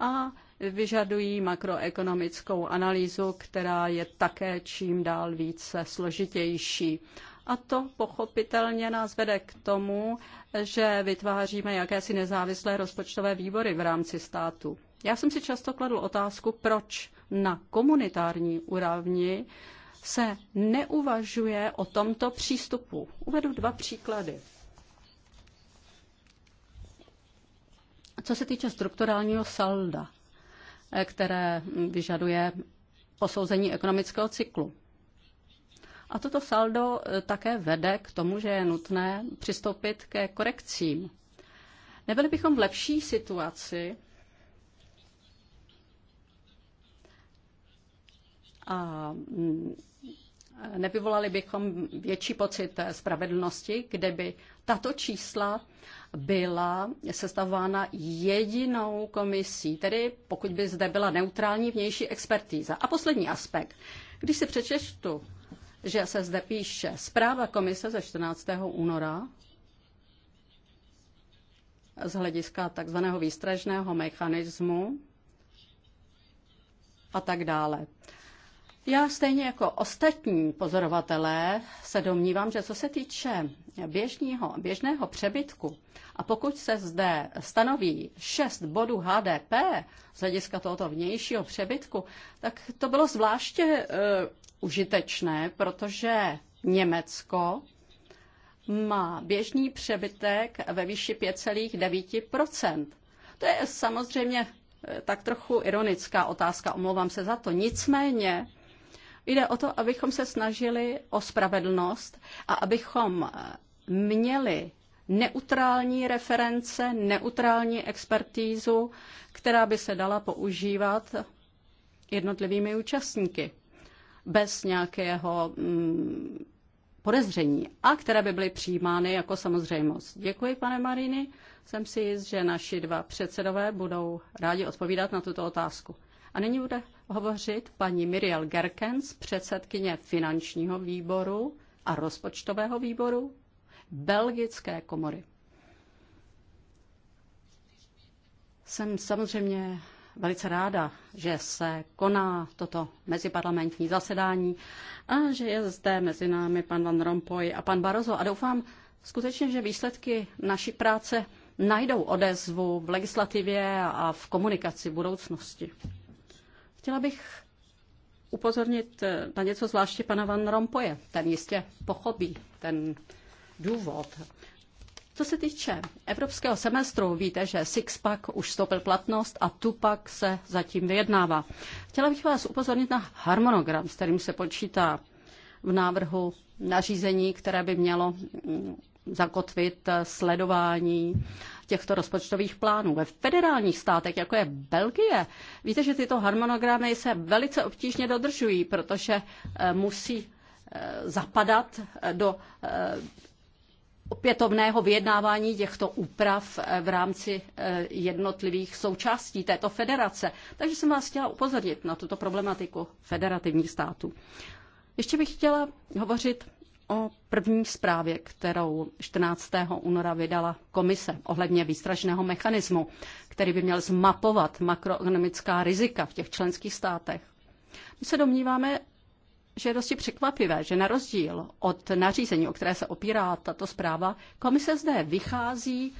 a vyžadují makroekonomickou analýzu, která je také čím dál více složitější. A to pochopitelně nás vede k tomu, že vytváříme jakési nezávislé rozpočtové výbory v rámci státu. Já jsem si často kladl otázku, proč na komunitární úrovni se neuvažuje o tomto přístupu. Uvedu dva příklady. Co se týče strukturálního salda, které vyžaduje posouzení ekonomického cyklu. A toto saldo eh, také vede k tomu, že je nutné přistoupit ke korekcím. Nebyli bychom v lepší situaci, a mm, nevyvolali bychom větší pocit spravedlnosti, kdyby tato čísla byla sestavována jedinou komisí, tedy pokud by zde byla neutrální vnější expertíza. A poslední aspekt. Když si přečeštu, že se zde píše zpráva komise ze 14. února z hlediska takzvaného výstražného mechanismu a tak dále. Já stejně jako ostatní pozorovatelé se domnívám, že co se týče běžního, běžného přebytku a pokud se zde stanoví 6 bodů HDP z hlediska tohoto vnějšího přebytku, tak to bylo zvláště e, užitečné, protože Německo má běžný přebytek ve výši 5,9 To je samozřejmě e, tak trochu ironická otázka, omlouvám se za to. Nicméně Jde o to, abychom se snažili o spravedlnost a abychom eh, měli neutrální reference, neutrální expertízu, která by se dala používat jednotlivými účastníky bez nějakého mm, podezření a které by byly přijímány jako samozřejmost. Děkuji, pane Mariny. Jsem si jist, že naši dva předsedové budou rádi odpovídat na tuto otázku. A nyní bude hovořit paní Miriel Gerkens, předsedkyně finančního výboru a rozpočtového výboru Belgické komory. Jsem samozřejmě velice ráda, že se koná toto meziparlamentní zasedání a že je zde mezi námi pan Van Rompuy a pan Barozo. A doufám skutečně, že výsledky naší práce najdou odezvu v legislativě a v komunikaci budoucnosti. Chtěla bych upozornit eh, na něco zvláště pana Van Rompoje. Ten jistě pochopí ten důvod. Co se týče evropského semestru, víte, že Sixpack už vstoupil platnost a Tupac se zatím vyjednává. Chtěla bych vás upozornit na harmonogram, s kterým se počítá v návrhu nařízení, které by mělo mm, zakotvit eh, sledování těchto rozpočtových plánů. Ve federálních státech, jako je Belgie, víte, že tyto harmonogramy se velice obtížně dodržují, protože eh, musí eh, zapadat eh, do opětovného vyjednávání těchto úprav v rámci jednotlivých součástí této federace. Takže jsem vás chtěla upozornit na tuto problematiku federativních států. Ještě bych chtěla hovořit o první zprávě, kterou 14. února vydala komise ohledně výstražného mechanismu, který by měl zmapovat makroekonomická rizika v těch členských státech. My se domníváme, že je dosti překvapivé, že na rozdíl od nařízení, o které se opírá tato zpráva, komise zde vychází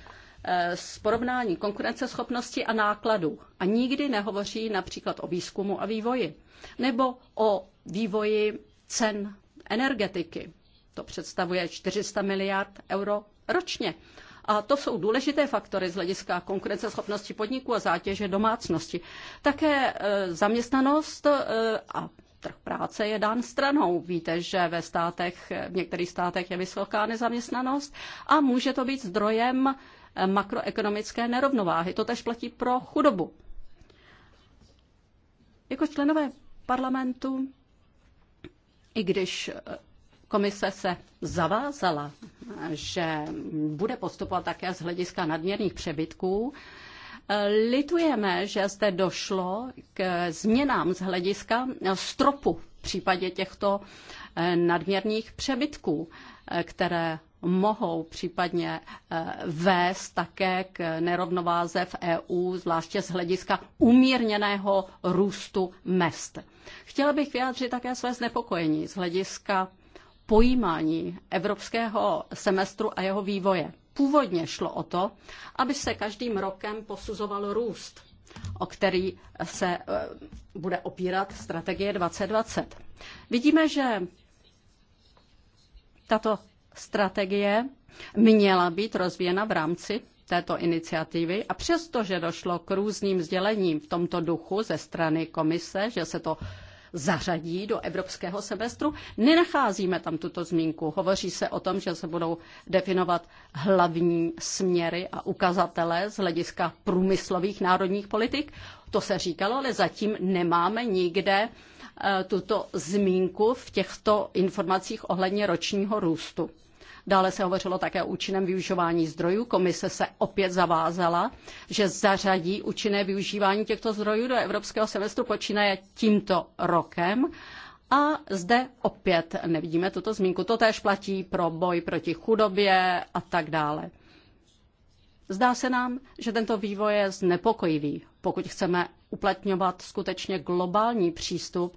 eh, z porovnání konkurenceschopnosti a nákladů a nikdy nehovoří například o výzkumu a vývoji nebo o vývoji cen energetiky. To představuje 400 miliard euro ročně. A to jsou důležité faktory z hlediska konkurenceschopnosti podniků a zátěže domácnosti. Také e, zaměstnanost e, a trh práce je dán stranou. Víte, že ve státech, v některých státech je vysoká nezaměstnanost a může to být zdrojem e, makroekonomické nerovnováhy. To tež platí pro chudobu. Jako členové parlamentu, i když Komise se zavázala, že bude postupovat také z hlediska nadměrných přebytků. Litujeme, že zde došlo k změnám z hlediska stropu v případě těchto eh, nadměrných přebytků, eh, které mohou případně eh, vést také k nerovnováze v EU, zvláště z hlediska umírněného růstu mest. Chtěla bych vyjádřit také své znepokojení z hlediska pojímání evropského semestru a jeho vývoje. Původně šlo o to, aby se každým rokem posuzoval růst, o který se eh, bude opírat strategie 2020. Vidíme, že tato strategie měla být rozvíjena v rámci této iniciativy a přestože došlo k různým sdělením v tomto duchu ze strany komise, že se to zařadí do evropského semestru. Nenacházíme tam tuto zmínku. Hovoří se o tom, že se budou definovat hlavní směry a ukazatele z hlediska průmyslových národních politik. To se říkalo, ale zatím nemáme nikde eh, tuto zmínku v těchto informacích ohledně ročního růstu. Dále se hovořilo také o účinném využívání zdrojů. Komise se opět zavázala, že zařadí účinné využívání těchto zdrojů do evropského semestru počínaje tímto rokem. A zde opět nevidíme tuto zmínku. To též platí pro boj proti chudobě a tak dále. Zdá se nám, že tento vývoj je znepokojivý, pokud chceme uplatňovat skutečně globální přístup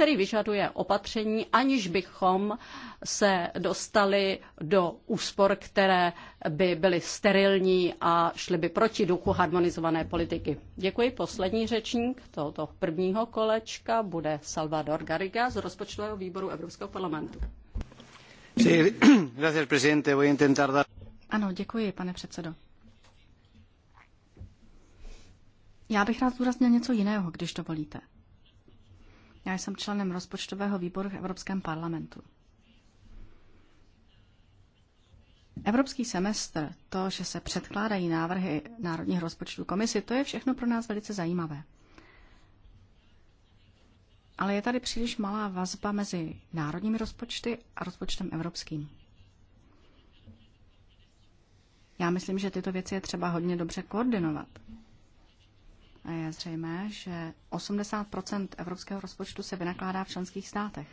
který vyžaduje opatření, aniž bychom se dostali do úspor, které by byly sterilní a šly by proti duchu harmonizované politiky. Děkuji. Poslední řečník tohoto prvního kolečka bude Salvador Garriga z rozpočtového výboru Evropského parlamentu.
*clears throat* Ano, děkuji, pane předsedo. Já bych rád zúraznil něco jiného, když dovolíte. Já jsem členem rozpočtového výboru v Evropském parlamentu. Evropský semestr, to, že se předkládají návrhy národních rozpočtů komisi, to je všechno pro nás velice zajímavé. Ale je tady příliš malá vazba mezi národními rozpočty a rozpočtem evropským. Já myslím, že tyto věci je třeba hodně dobře koordinovat. A je zřejmé, že 80 evropského rozpočtu se vynakládá v členských státech.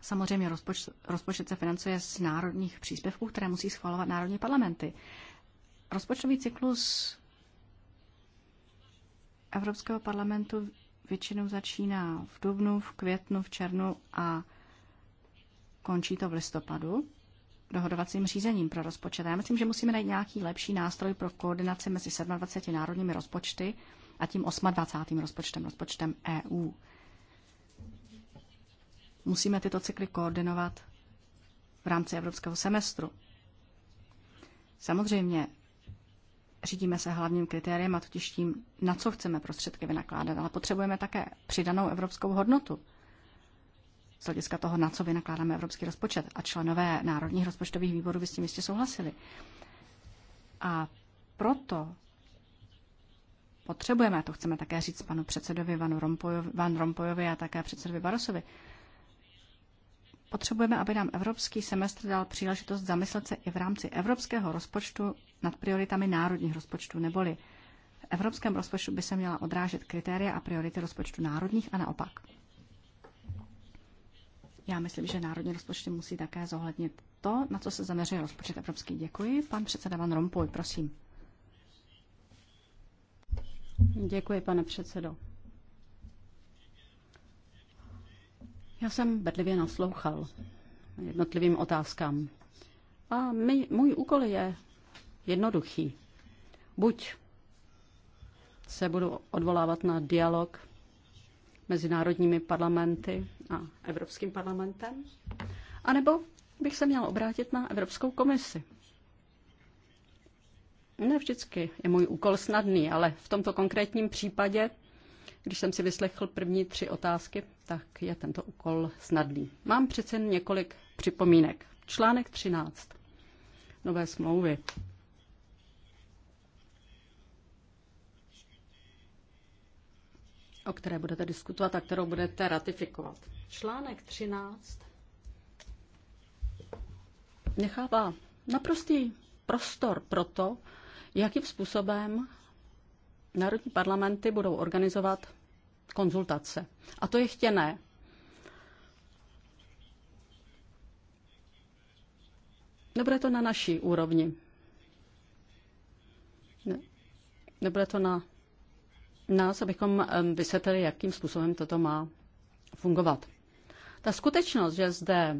Samozřejmě rozpočet, rozpočet se financuje z národních příspěvků, které musí schvalovat národní parlamenty. Rozpočtový cyklus Evropského parlamentu většinou začíná v dubnu, v květnu, v červnu a končí to v listopadu dohodovacím řízením pro rozpočet. Já myslím, že musíme najít nějaký lepší nástroj pro koordinaci mezi 27 národními rozpočty a tím 28. rozpočtem, rozpočtem EU. Musíme tyto cykly koordinovat v rámci evropského semestru. Samozřejmě řídíme se hlavním kritériem a totiž tím, na co chceme prostředky vynakládat, ale potřebujeme také přidanou evropskou hodnotu z hlediska toho, na co vynakládáme evropský rozpočet. A členové národních rozpočtových výborů by s tím jistě souhlasili. A proto potřebujeme, a to chceme také říct panu předsedovi Van Rompojovi Van Rompojovi a také předsedovi Barosovi, potřebujeme, aby nám evropský semestr dal příležitost zamyslet se i v rámci evropského rozpočtu nad prioritami národních rozpočtů, neboli v evropském rozpočtu by se měla odrážet kritéria a priority rozpočtu národních a naopak. Já myslím, že národní rozpočty musí také zohlednit to, na co se zaměřuje rozpočet evropský. Děkuji. Pan předseda Van Rompuy, prosím. Děkuji, pane předsedo.
Já jsem bedlivě naslouchal jednotlivým otázkám. A my, můj úkol je jednoduchý. Buď se budu odvolávat na dialog mezi národními parlamenty a Evropským parlamentem, nebo bych se měl obrátit na Evropskou komisi. Ne vždycky je můj úkol snadný, ale v tomto konkrétním případě, když jsem si vyslechl první tři otázky, tak je tento úkol snadný. Mám přece několik připomínek. Článek 13. Nové smlouvy. o které budete diskutovat a kterou budete ratifikovat. Článek 13 nechává naprostý prostor pro to, jakým způsobem národní parlamenty budou organizovat konzultace. A to je chtěné. Nebude to na naší úrovni. Ne. Nebude to na nás, abychom vysvětlili, jakým způsobem toto má fungovat. Ta skutečnost, že zde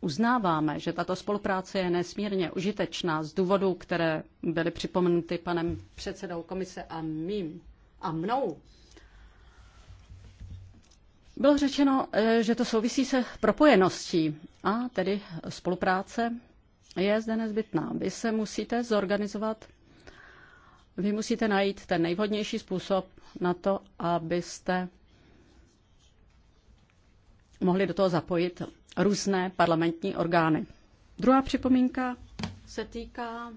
uznáváme, že tato spolupráce je nesmírně užitečná z důvodů, které byly připomenuty panem předsedou komise a mým a mnou. Bylo řečeno, eh, že to souvisí se propojeností a tedy spolupráce je zde nezbytná. Vy se musíte zorganizovat, vy musíte najít ten nejvhodnější způsob na to, abyste mohli do toho zapojit různé parlamentní orgány. Druhá připomínka se týká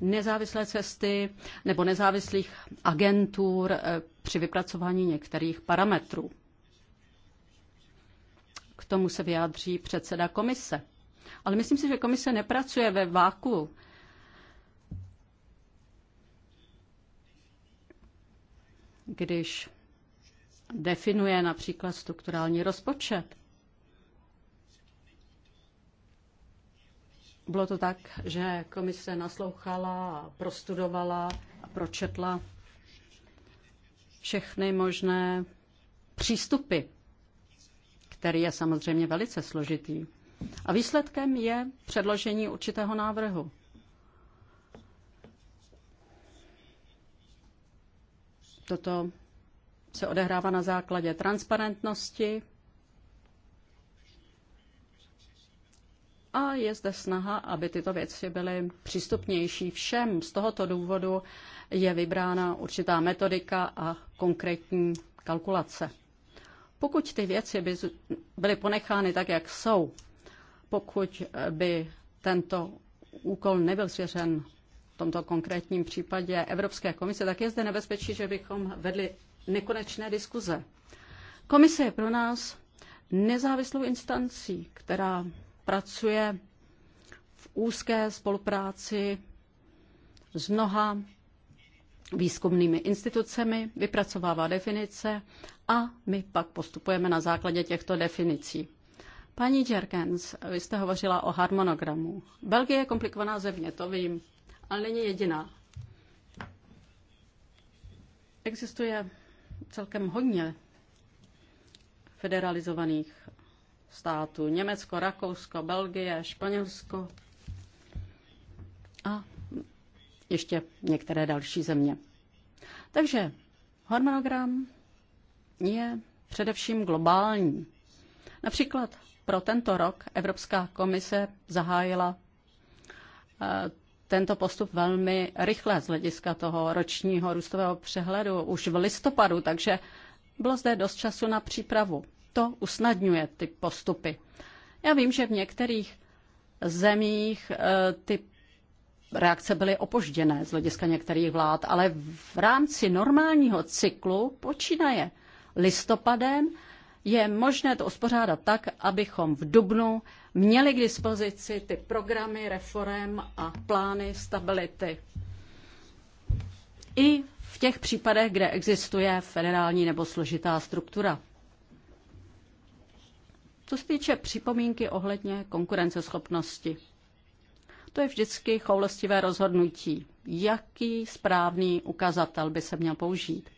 nezávislé cesty nebo nezávislých agentur eh, při vypracování některých parametrů. K tomu se vyjádří předseda komise. Ale myslím si, že komise nepracuje ve váku. Když definuje například strukturální rozpočet. Bylo to tak, že komise naslouchala, prostudovala a pročetla všechny možné přístupy, který je samozřejmě velice složitý. A výsledkem je předložení určitého návrhu. Toto se odehrává na základě transparentnosti a je zde snaha, aby tyto věci byly přístupnější všem. Z tohoto důvodu je vybrána určitá metodika a konkrétní kalkulace. Pokud ty věci by byly ponechány tak, jak jsou, pokud by tento úkol nebyl svěřen v tomto konkrétním případě Evropské komise, tak je zde nebezpečí, že bychom vedli nekonečné diskuze. Komise je pro nás nezávislou instancí, která pracuje v úzké spolupráci s mnoha výzkumnými institucemi, vypracovává definice a my pak postupujeme na základě těchto definicí. Paní Jerkens, vy jste hovořila o harmonogramu. Belgie je komplikovaná země, to vím, ale není jediná. Existuje celkem hodně federalizovaných států. Německo, Rakousko, Belgie, Španělsko a ještě některé další země. Takže harmonogram je především globální. Například pro tento rok Evropská komise zahájila eh, tento postup velmi rychle z hlediska toho ročního růstového přehledu už v listopadu, takže bylo zde dost času na přípravu. To usnadňuje ty postupy. Já vím, že v některých zemích eh, ty reakce byly opožděné z hlediska některých vlád, ale v rámci normálního cyklu počínaje listopadem je možné to uspořádat tak, abychom v Dubnu měli k dispozici ty programy reform a plány stability. I v těch případech, kde existuje federální nebo složitá struktura. Co se týče připomínky ohledně konkurenceschopnosti, to je vždycky choulostivé rozhodnutí, jaký správný ukazatel by se měl použít.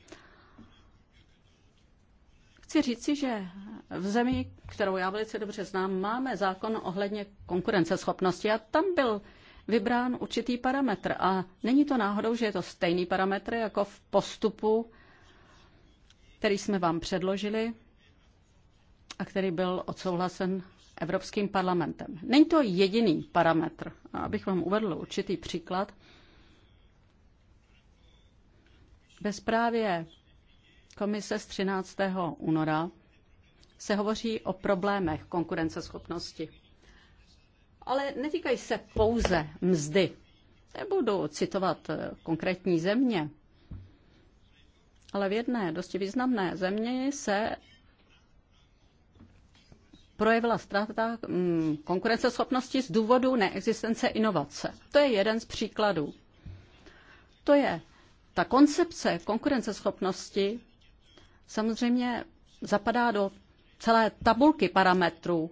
Chci říci, že v zemi, kterou já velice dobře znám, máme zákon ohledně konkurenceschopnosti a tam byl vybrán určitý parametr. A není to náhodou, že je to stejný parametr jako v postupu, který jsme vám předložili a který byl odsouhlasen Evropským parlamentem. Není to jediný parametr. abych vám uvedl určitý příklad. Ve zprávě komise z 13. února se hovoří o problémech konkurenceschopnosti. Ale netýkají se pouze mzdy. Nebudu citovat eh, konkrétní země, ale v jedné dosti významné země se projevila ztráta mm, konkurenceschopnosti z důvodu neexistence inovace. To je jeden z příkladů. To je ta koncepce konkurenceschopnosti samozřejmě zapadá do celé tabulky parametrů.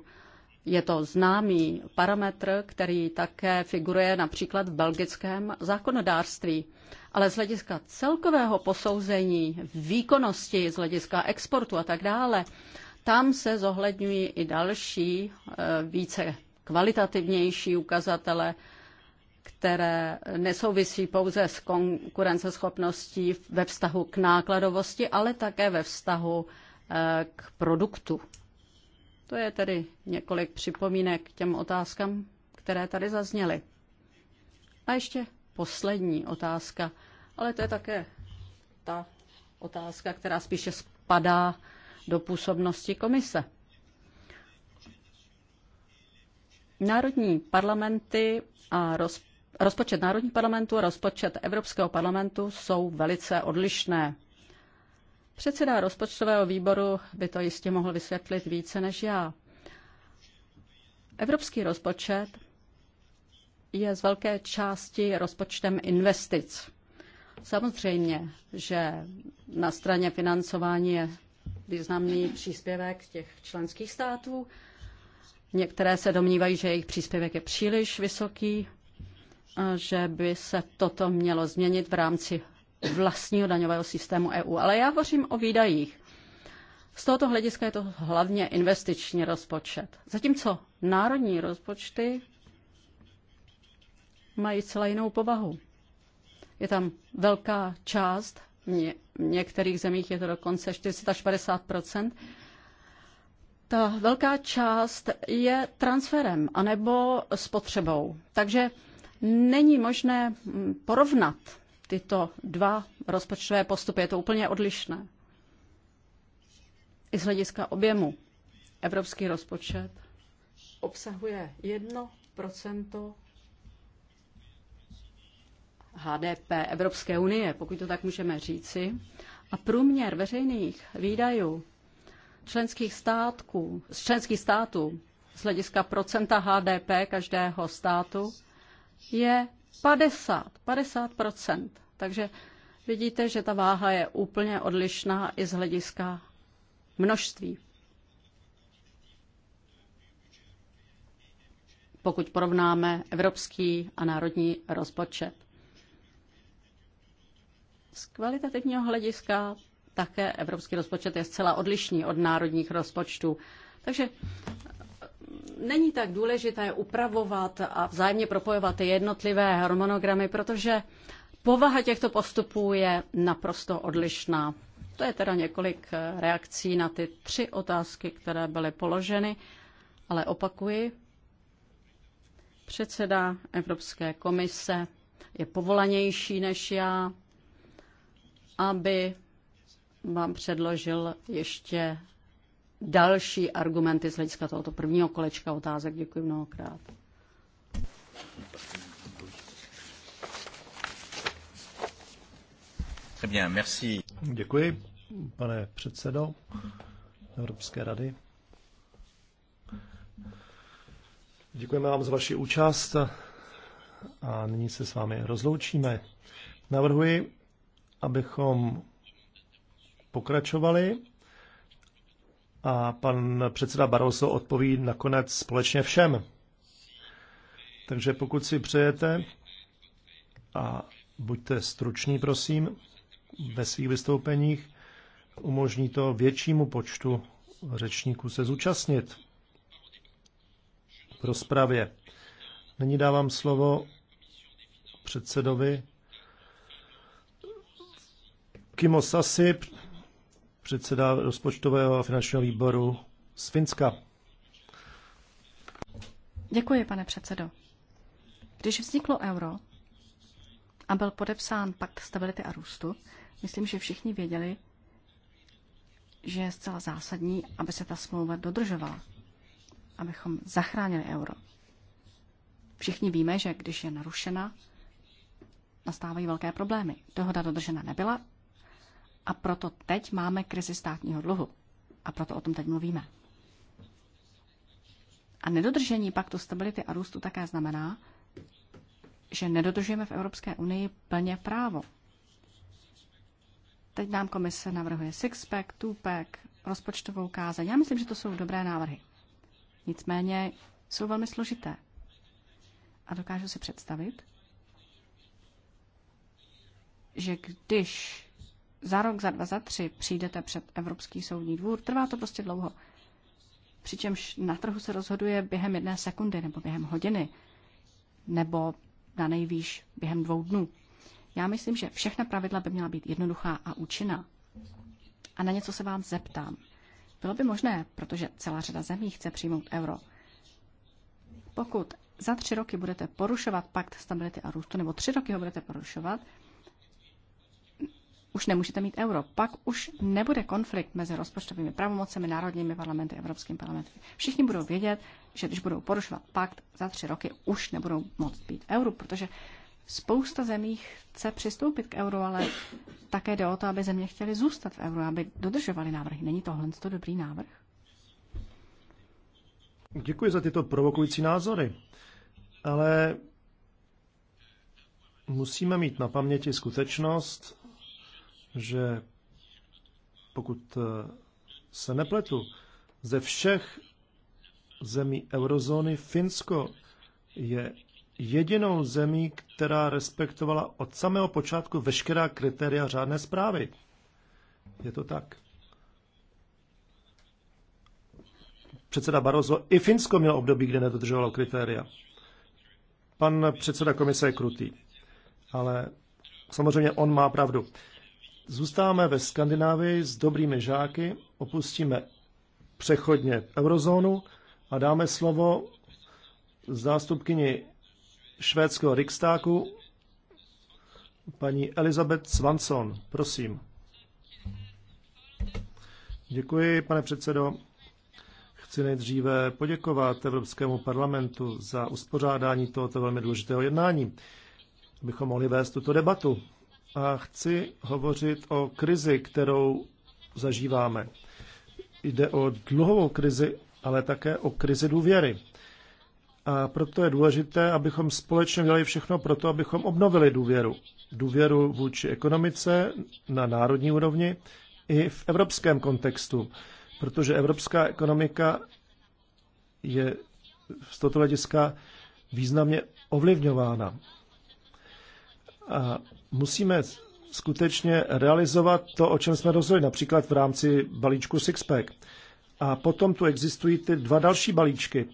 Je to známý parametr, který také figuruje například v belgickém zákonodárství. Ale z hlediska celkového posouzení výkonnosti, z hlediska exportu a tak dále, tam se zohledňují i další eh, více kvalitativnější ukazatele, které nesouvisí pouze s konkurenceschopností ve vztahu k nákladovosti, ale také ve vztahu eh, k produktu. To je tedy několik připomínek k těm otázkám, které tady zazněly. A ještě poslední otázka, ale to je také ta otázka, která spíše spadá do působnosti komise. Národní parlamenty a rozpočty rozpočet Národní parlamentu a rozpočet Evropského parlamentu jsou velice odlišné. Předseda rozpočtového výboru by to jistě mohl vysvětlit více než já. Evropský rozpočet je z velké části rozpočtem investic. Samozřejmě, že na straně financování je významný příspěvek těch členských států. Některé se domnívají, že jejich příspěvek je příliš vysoký že by se toto mělo změnit v rámci vlastního daňového systému EU. Ale já hovořím o výdajích. Z tohoto hlediska je to hlavně investiční rozpočet. Zatímco národní rozpočty mají celá jinou povahu. Je tam velká část, v některých zemích je to dokonce 40 až 50 ta velká část je transferem anebo spotřebou. Takže není možné mm, porovnat tyto dva rozpočtové postupy. Je to úplně odlišné. I z hlediska objemu evropský rozpočet obsahuje 1% HDP Evropské unie, pokud to tak můžeme říci, a průměr veřejných výdajů členských států, z členských států z hlediska procenta HDP každého státu je 50, 50 Takže vidíte, že ta váha je úplně odlišná i z hlediska množství. pokud porovnáme evropský a národní rozpočet. Z kvalitativního hlediska také evropský rozpočet je zcela odlišný od národních rozpočtů. Takže není tak důležité upravovat a vzájemně propojovat ty jednotlivé harmonogramy, protože povaha těchto postupů je naprosto odlišná. To je teda několik eh, reakcí na ty tři otázky, které byly položeny, ale opakuji, předseda Evropské komise je povolanější než já, aby vám předložil ještě další argumenty z hlediska tohoto prvního kolečka otázek. Děkuji mnohokrát.
Děkuji, pane předsedo Evropské rady. Děkujeme vám za vaši účast a nyní se s vámi rozloučíme. Navrhuji, abychom pokračovali a pan předseda Barroso odpoví nakonec společně všem. Takže pokud si přejete, a buďte struční, prosím, ve svých vystoupeních, umožní to většímu počtu řečníků se zúčastnit v rozpravě. Nyní dávám slovo předsedovi Kimo Sasi, předseda rozpočtového a finančního výboru z Finska.
Děkuji, pane předsedo. Když vzniklo euro a byl podepsán pakt stability a růstu, myslím, že všichni věděli, že je zcela zásadní, aby se ta smlouva dodržovala, abychom zachránili euro. Všichni víme, že když je narušena, nastávají velké problémy. Dohoda dodržena nebyla a proto teď máme krizi státního dluhu. A proto o tom teď mluvíme. A nedodržení paktu stability a růstu také znamená, že nedodržujeme v Evropské unii plně právo. Teď nám komise navrhuje six-pack, two-pack, rozpočtovou kázeň. Já myslím, že to jsou dobré návrhy. Nicméně jsou velmi složité. A dokážu si představit, že když za rok, za dva, za tři přijdete před Evropský soudní dvůr, trvá to prostě dlouho. Přičemž na trhu se rozhoduje během jedné sekundy nebo během hodiny nebo na nejvýš během dvou dnů. Já myslím, že všechna pravidla by měla být jednoduchá a účinná. A na něco se vám zeptám. Bylo by možné, protože celá řada zemí chce přijmout euro. Pokud za tři roky budete porušovat pakt stability a růstu, nebo tři roky ho budete porušovat, už nemůžete mít euro. Pak už nebude konflikt mezi rozpočtovými pravomocemi, národními parlamenty, Evropským parlamentem. Všichni budou vědět, že když budou porušovat pakt, za tři roky už nebudou moct být euro, protože spousta zemí chce přistoupit k euro, ale také jde o to, aby země chtěly zůstat v euro, aby dodržovali návrhy. Není tohle to dobrý návrh?
Děkuji za tyto provokující názory, ale musíme mít na paměti skutečnost, že pokud eh, se nepletu, ze všech zemí eurozóny Finsko je jedinou zemí, která respektovala od samého počátku veškerá kritéria řádné zprávy. Je to tak. Předseda Barroso, i Finsko mělo období, kde nedodržovalo kritéria. Pan předseda komise je krutý, ale samozřejmě on má pravdu. Zůstáváme ve Skandinávii s dobrými žáky, opustíme přechodně eurozónu a dáme slovo zástupkyni švédského Rikstáku, paní Elizabeth Svanson. Prosím. Děkuji, pane předsedo. Chci nejdříve poděkovat Evropskému parlamentu za uspořádání tohoto velmi důležitého jednání, abychom mohli vést tuto debatu a chci hovořit o krizi, kterou zažíváme. Jde o dluhovou krizi, ale také o krizi důvěry. A proto je důležité, abychom společně dělali všechno pro to, abychom obnovili důvěru. Důvěru vůči ekonomice na národní úrovni i v evropském kontextu, protože evropská ekonomika je z tohoto hlediska významně ovlivňována musíme skutečně realizovat to, o čem jsme rozhodli, například v rámci balíčku Sixpack. A potom tu existují ty dva další balíčky.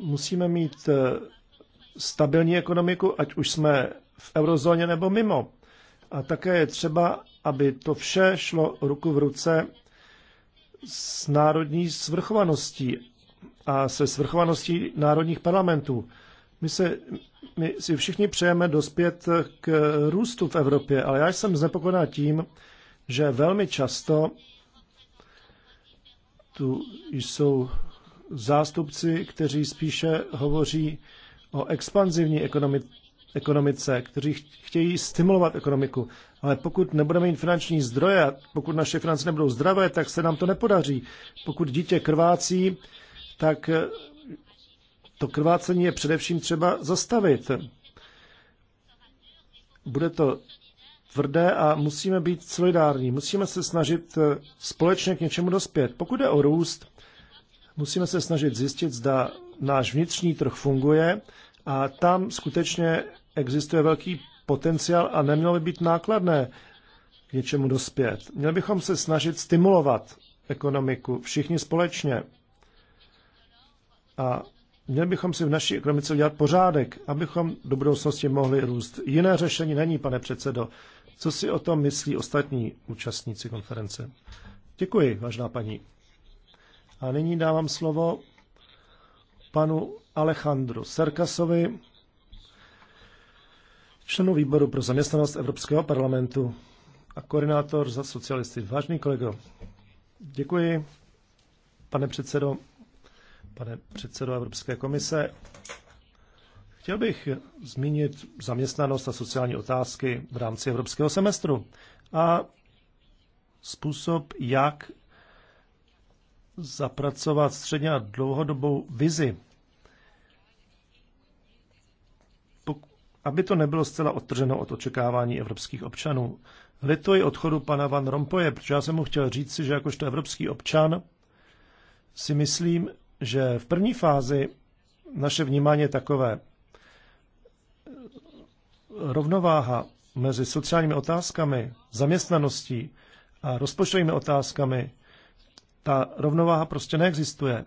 Musíme mít eh, stabilní ekonomiku, ať už jsme v eurozóně nebo mimo. A také je třeba, aby to vše šlo ruku v ruce s národní svrchovaností a se svrchovaností národních parlamentů. My, se, my si všichni přejeme dospět k růstu v Evropě, ale já jsem znepokojená tím, že velmi často tu jsou zástupci, kteří spíše hovoří o expanzivní ekonomi- ekonomice, kteří chtějí stimulovat ekonomiku. Ale pokud nebudeme mít finanční zdroje, pokud naše finance nebudou zdravé, tak se nám to nepodaří. Pokud dítě krvácí, tak to krvácení je především třeba zastavit. Bude to tvrdé a musíme být solidární. Musíme se snažit eh, společně k něčemu dospět. Pokud jde o růst, musíme se snažit zjistit, zda náš vnitřní trh funguje a tam skutečně existuje velký potenciál a nemělo by být nákladné k něčemu dospět. Měli bychom se snažit stimulovat ekonomiku všichni společně. A Měli bychom si v naší ekonomice udělat pořádek, abychom do budoucnosti mohli růst. Jiné řešení není, pane předsedo. Co si o tom myslí ostatní účastníci konference? Děkuji, vážná paní. A nyní dávám slovo panu Alejandru Serkasovi, členu výboru pro zaměstnanost Evropského parlamentu a koordinátor za socialisty. Vážný kolego, děkuji, pane předsedo pane předsedo Evropské komise. Chtěl bych zmínit zaměstnanost a sociální otázky v rámci evropského semestru a způsob, jak zapracovat středně a dlouhodobou vizi, aby to nebylo zcela odtrženo od očekávání evropských občanů. Lituji odchodu pana Van Rompoje, protože já jsem mu chtěl říct, že jakožto evropský občan si myslím, že v první fázi naše vnímání je takové. Rovnováha mezi sociálními otázkami, zaměstnaností a rozpočtovými otázkami, ta rovnováha prostě neexistuje.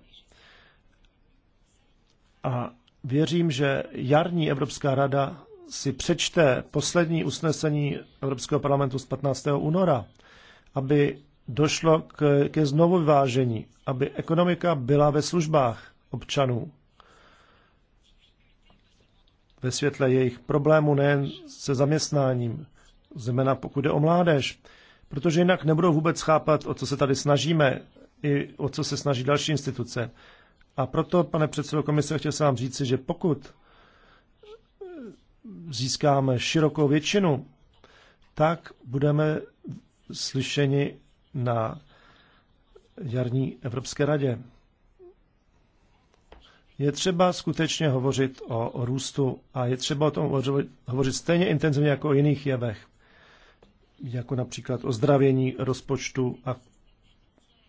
A věřím, že jarní Evropská rada si přečte poslední usnesení Evropského parlamentu z 15. února, aby došlo k, ke znovu vážení, aby ekonomika byla ve službách občanů. Ve světle jejich problémů nejen se zaměstnáním, zejména pokud jde o mládež, protože jinak nebudou vůbec chápat, o co se tady snažíme, i o co se snaží další instituce. A proto, pane předsedo komise, chtěl jsem vám říci, že pokud získáme širokou většinu, tak budeme slyšeni na jarní Evropské radě. Je třeba skutečně hovořit o, o růstu a je třeba o tom hovořit, hovořit stejně intenzivně jako o jiných jevech, jako například o zdravění rozpočtu a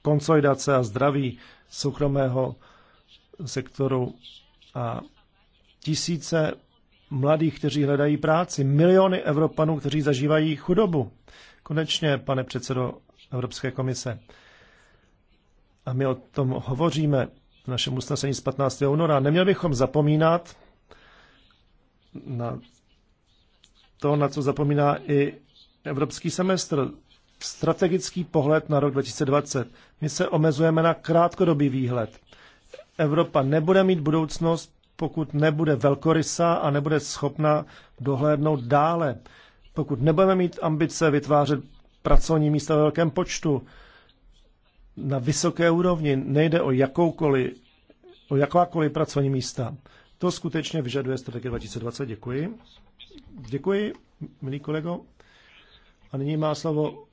konsolidace a zdraví soukromého sektoru a tisíce mladých, kteří hledají práci, miliony Evropanů, kteří zažívají chudobu. Konečně, pane předsedo, Evropské komise. A my o tom hovoříme v našem usnesení z 15. února. Neměli bychom zapomínat na to, na co zapomíná i evropský semestr, strategický pohled na rok 2020. My se omezujeme na krátkodobý výhled. Evropa nebude mít budoucnost, pokud nebude velkorysá a nebude schopna dohlédnout dále. Pokud nebudeme mít ambice vytvářet pracovní místa ve velkém počtu na vysoké úrovni. Nejde o jakoukoliv, o jakákoliv pracovní místa. To skutečně vyžaduje strategie 2020. Děkuji. Děkuji, milý kolego. A nyní má slovo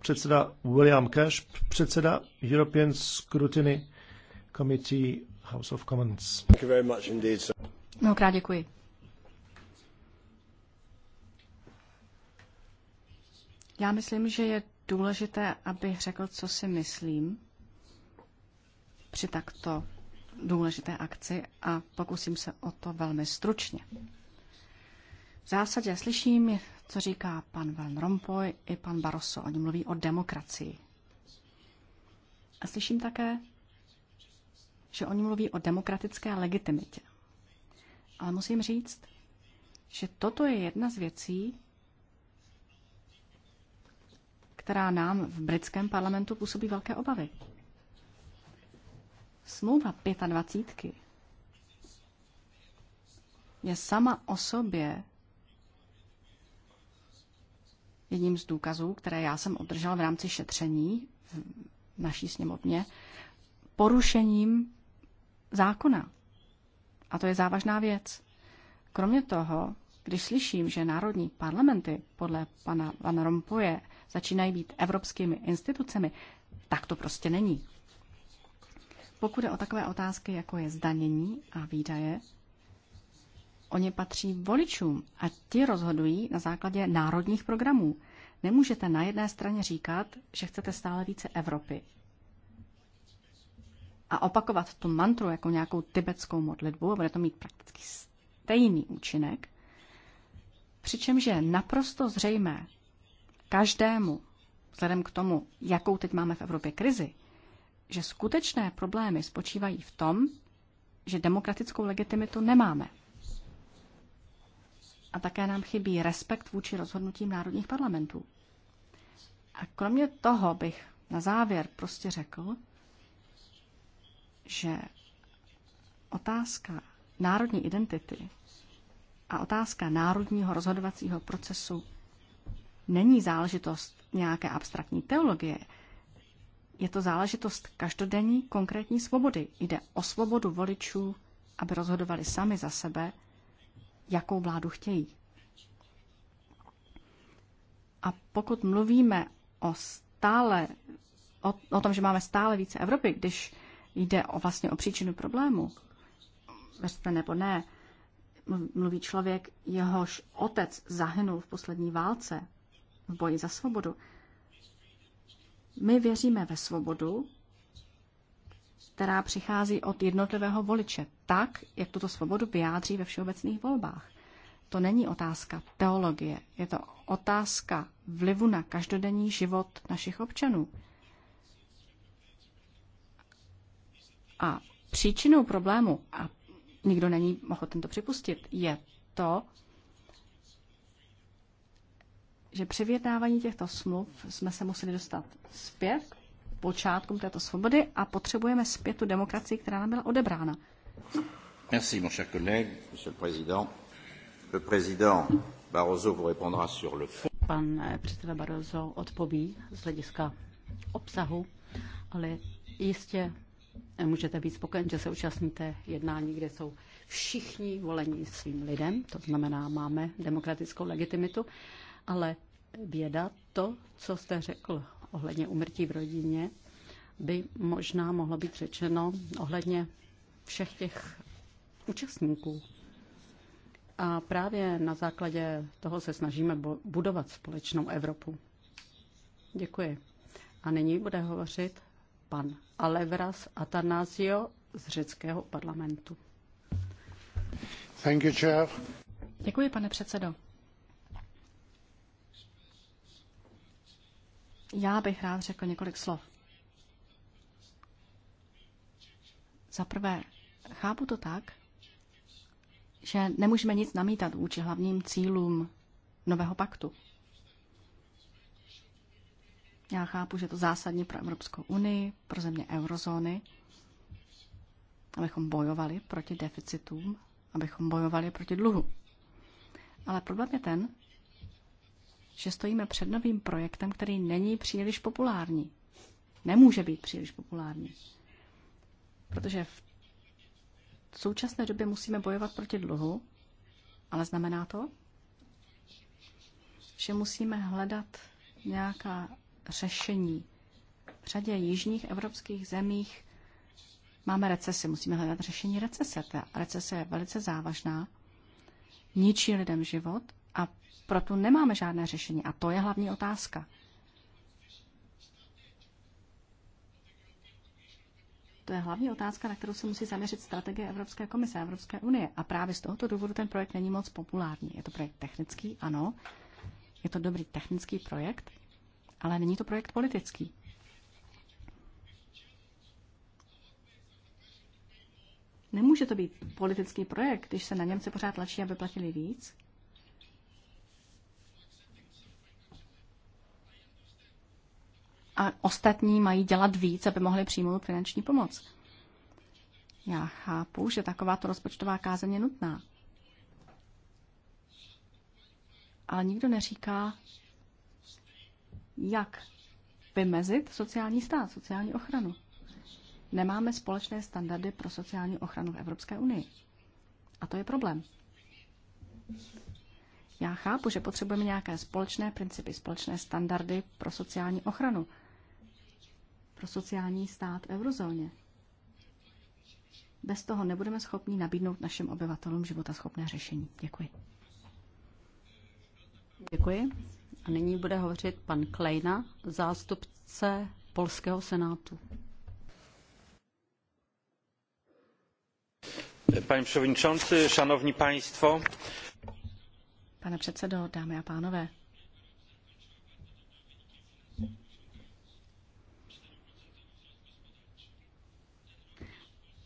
předseda William Cash, předseda European Scrutiny Committee House of Commons.
Mnohokrát děkuji. Já myslím, že je důležité, abych řekl, co si myslím při takto důležité akci a pokusím se o to velmi stručně. V zásadě slyším, co říká pan Van Rompuy i pan Barroso. Oni mluví o demokracii. A slyším také, že oni mluví o demokratické legitimitě. Ale musím říct, že toto je jedna z věcí, která nám v britském parlamentu působí velké obavy. Smlouva 25 je sama o sobě jedním z důkazů, které já jsem obdržela v rámci šetření v naší sněmovně, porušením zákona. A to je závažná věc. Kromě toho, když slyším, že národní parlamenty podle pana Van Rompuye začínají být evropskými institucemi, tak to prostě není. Pokud je o takové otázky, jako je zdanění a výdaje, oni patří voličům a ti rozhodují na základě národních programů. Nemůžete na jedné straně říkat, že chcete stále více Evropy a opakovat tu mantru jako nějakou tibetskou modlitbu a bude to mít prakticky stejný účinek, přičemž je naprosto zřejmé, každému, vzhledem k tomu, jakou teď máme v Evropě krizi, že skutečné problémy spočívají v tom, že demokratickou legitimitu nemáme. A také nám chybí respekt vůči rozhodnutím národních parlamentů. A kromě toho bych na závěr prostě řekl, že otázka národní identity a otázka národního rozhodovacího procesu není záležitost nějaké abstraktní teologie. Je to záležitost každodenní konkrétní svobody. Jde o svobodu voličů, aby rozhodovali sami za sebe, jakou vládu chtějí. A pokud mluvíme o stále, o, o tom, že máme stále více Evropy, když jde o vlastně o příčinu problému, veřte nebo ne, mluví člověk, jehož otec zahynul v poslední válce v boji za svobodu. My věříme ve svobodu, která přichází od jednotlivého voliče, tak, jak tuto svobodu vyjádří ve všeobecných volbách. To není otázka teologie, je to otázka vlivu na každodenní život našich občanů. A příčinou problému, a nikdo není mohl tento připustit, je to, že při vyjednávání těchto smluv jsme se museli dostat zpět počátkům této svobody a potřebujeme zpět tu demokracii, která nám byla odebrána.
Merci, mon cher collègue,
monsieur le président. Le président Barroso vous répondra sur le fond. Pan
eh, předseda Barroso odpoví z hlediska obsahu, ale jistě eh, můžete být spokojen, že se účastníte jednání, kde jsou všichni volení svým lidem, to znamená, máme demokratickou legitimitu, ale věda, to, co jste řekl ohledně umrtí v rodině, by možná mohlo být řečeno ohledně všech těch účastníků. A právě na základě toho se snažíme budovat společnou Evropu. Děkuji. A nyní bude hovořit pan Alevras Atanasio z řeckého parlamentu.
Thank you, chair.
Děkuji, pane předsedo. Já bych rád řekl několik slov. Za prvé, chápu to tak, že nemůžeme nic namítat vůči hlavním cílům nového paktu. Já chápu, že to zásadní pro Evropskou unii, pro země eurozóny, abychom bojovali proti deficitům, abychom bojovali proti dluhu. Ale problém je ten, že stojíme před novým projektem, který není příliš populární. Nemůže být příliš populární. Protože v současné době musíme bojovat proti dluhu, ale znamená to, že musíme hledat nějaká řešení. V řadě jižních evropských zemích máme recesi, musíme hledat řešení recese. Ta recese je velice závažná, ničí lidem život a proto nemáme žádné řešení. A to je hlavní otázka. To je hlavní otázka, na kterou se musí zaměřit strategie Evropské komise a Evropské unie. A právě z tohoto důvodu ten projekt není moc populární. Je to projekt technický, ano. Je to dobrý technický projekt, ale není to projekt politický. Nemůže to být politický projekt, když se na Němce pořád tlačí, aby platili víc. a ostatní mají dělat víc, aby mohli přijmout finanční pomoc. Já chápu, že takováto rozpočtová kázeň je nutná. Ale nikdo neříká, jak vymezit sociální stát, sociální ochranu. Nemáme společné standardy pro sociální ochranu v Evropské unii. A to je problém. Já chápu, že potřebujeme nějaké společné principy, společné standardy pro sociální ochranu pro sociální stát v eurozóně. Bez toho nebudeme schopni nabídnout našim obyvatelům životaschopné řešení. Děkuji. Děkuji. A nyní
bude hovořit pan Klejna, zástupce Polského senátu.
Pane předsedající, šanovní państwo.
Pane předsedo, dámy a pánové,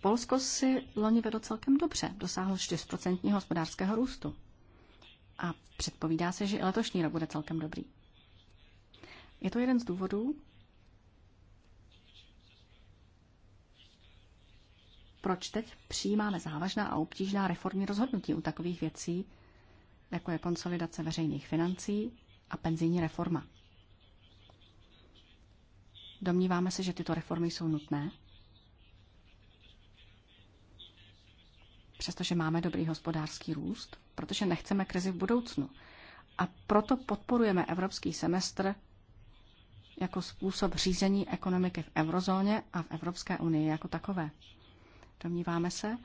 Polsko si loni vedlo celkem dobře, dosáhlo 4% hospodářského růstu. A předpovídá se, že i letošní rok bude celkem dobrý. Je to jeden z důvodů, proč teď přijímáme závažná a obtížná reformní rozhodnutí u takových věcí, jako je konsolidace veřejných financí a penzijní reforma. Domníváme se, že tyto reformy jsou nutné, přestože máme dobrý hospodářský růst, protože nechceme krizi v budoucnu. A proto podporujeme evropský semestr jako způsob řízení ekonomiky v eurozóně a v Evropské unii jako takové. Domníváme se,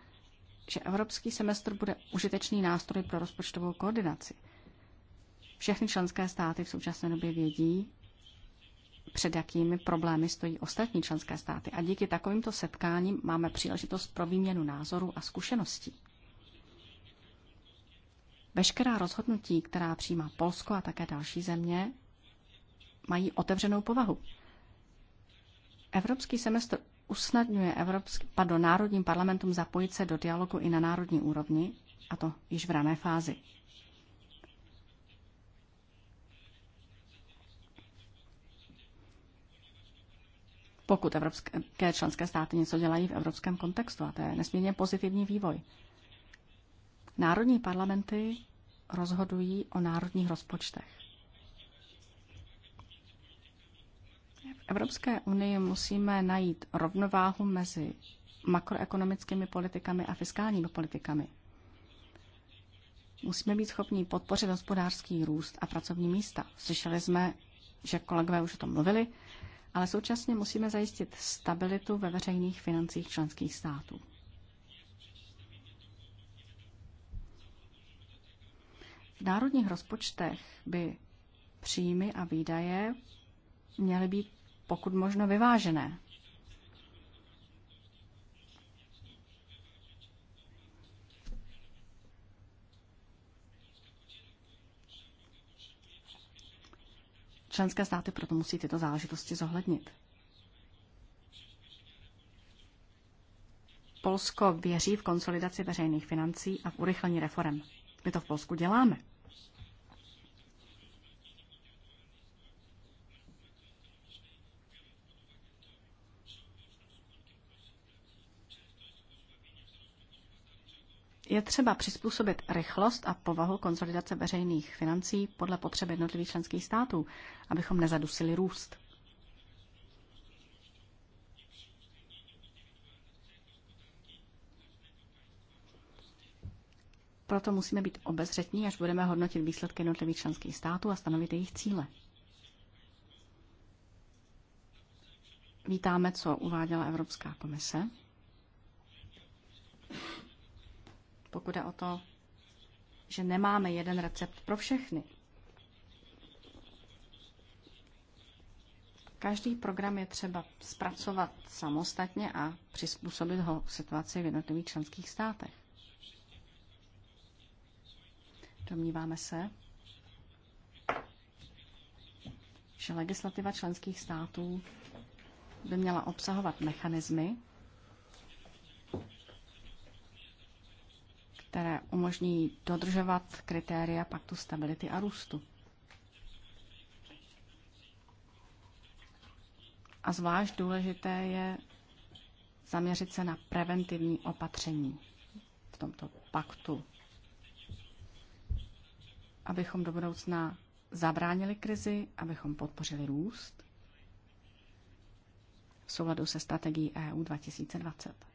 že evropský semestr bude užitečný nástroj pro rozpočtovou koordinaci. Všechny členské státy v současné době vědí, před jakými problémy stojí ostatní členské státy. A díky takovýmto setkáním máme příležitost pro výměnu názorů a zkušeností. Veškerá rozhodnutí, která přijímá Polsko a také další země, mají otevřenou povahu. Evropský semestr usnadňuje evropský, pardon, národním parlamentům zapojit se do dialogu i na národní úrovni, a to již v rané fázi. pokud evropské členské státy něco dělají v evropském kontextu. A to je nesmírně pozitivní vývoj. Národní parlamenty rozhodují o národních rozpočtech. V Evropské unii musíme najít rovnováhu mezi makroekonomickými politikami a fiskálními politikami. Musíme být schopni podpořit hospodářský růst a pracovní místa. Slyšeli jsme, že kolegové už o tom mluvili, ale současně musíme zajistit stabilitu ve veřejných financích členských států. V národních rozpočtech by příjmy a výdaje měly být pokud možno vyvážené. Členské státy proto musí tyto záležitosti zohlednit. Polsko věří v konsolidaci veřejných financí a v urychlení reform. My to v Polsku děláme. Je třeba přizpůsobit rychlost a povahu konsolidace veřejných financí podle potřeb jednotlivých členských států, abychom nezadusili růst. Proto musíme být obezřetní, až budeme hodnotit výsledky jednotlivých členských států a stanovit jejich cíle. Vítáme, co uváděla Evropská komise. pokud je o to, že nemáme jeden recept pro všechny. Každý program je třeba zpracovat samostatně a přizpůsobit ho situaci v jednotlivých členských státech. Domníváme se, že legislativa členských států by měla obsahovat mechanismy, které umožní dodržovat kritéria paktu stability a růstu. A zvlášť důležité je zaměřit se na preventivní opatření v tomto paktu, abychom do budoucna zabránili krizi, abychom podpořili růst v souladu se strategií EU 2020.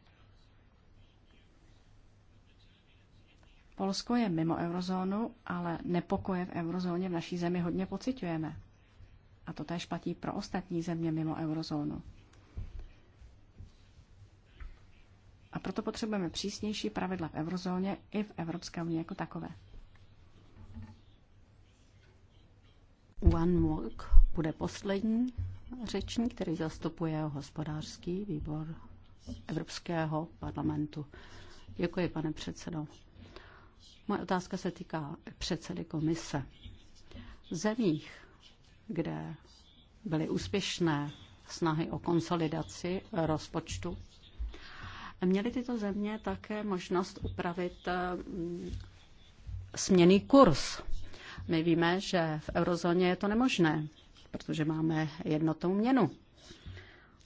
Polsko je mimo eurozónu, ale nepokoje v eurozóně v naší zemi hodně pociťujeme. A to též platí pro ostatní země mimo eurozónu. A proto potřebujeme přísnější pravidla v eurozóně i v Evropské unii jako takové. One
Walk bude poslední řečník, který zastupuje hospodářský výbor Evropského parlamentu. Děkuji, pane předsedo. Moje otázka se týká předsedy komise. V zemích, kde byly úspěšné snahy o konsolidaci rozpočtu, měly tyto země také možnost upravit mm, směný kurz. My víme, že v eurozóně je to nemožné, protože máme jednotnou měnu.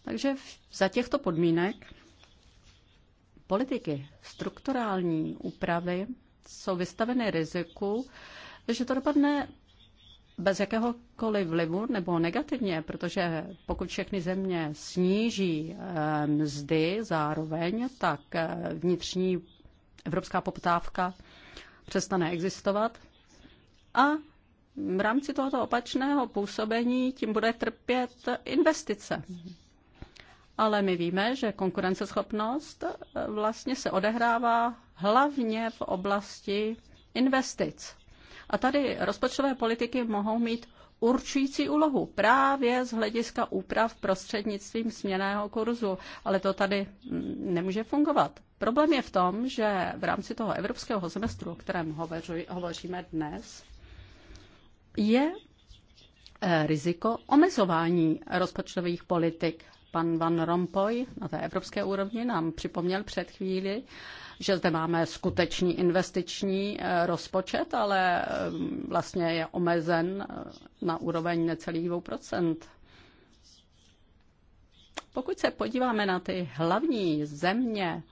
Takže za těchto podmínek politiky strukturální úpravy jsou vystaveny riziku, že to dopadne bez jakéhokoliv vlivu nebo negativně, protože pokud všechny země sníží eh, mzdy zároveň, tak eh, vnitřní evropská poptávka přestane existovat a v rámci tohoto opačného působení tím bude trpět investice ale my víme, že konkurenceschopnost eh, vlastně se odehrává hlavně v oblasti investic. A tady rozpočtové politiky mohou mít určující úlohu právě z hlediska úprav prostřednictvím směného kurzu, ale to tady mm, nemůže fungovat. Problém je v tom, že v rámci toho evropského semestru, o kterém hovoříme dnes, je eh, riziko omezování rozpočtových politik. Pan Van Rompuy na té evropské úrovni nám připomněl před chvíli, že zde máme skutečný investiční eh, rozpočet, ale eh, vlastně je omezen eh, na úroveň necelých 2%. Pokud se podíváme na ty hlavní země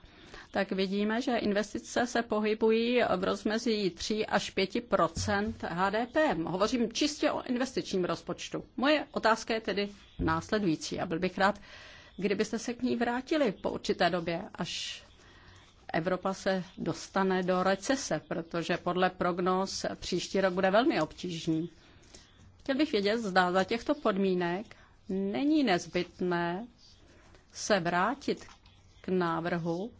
tak vidíme, že investice se pohybují v rozmezí 3 až 5 HDP. Hovořím čistě o investičním rozpočtu. Moje otázka je tedy následující a byl bych rád, kdybyste se k ní vrátili po určité době, až Evropa se dostane do recese, protože podle prognóz příští rok bude velmi obtížný. Chtěl bych vědět, zda za těchto podmínek není nezbytné se vrátit k návrhu,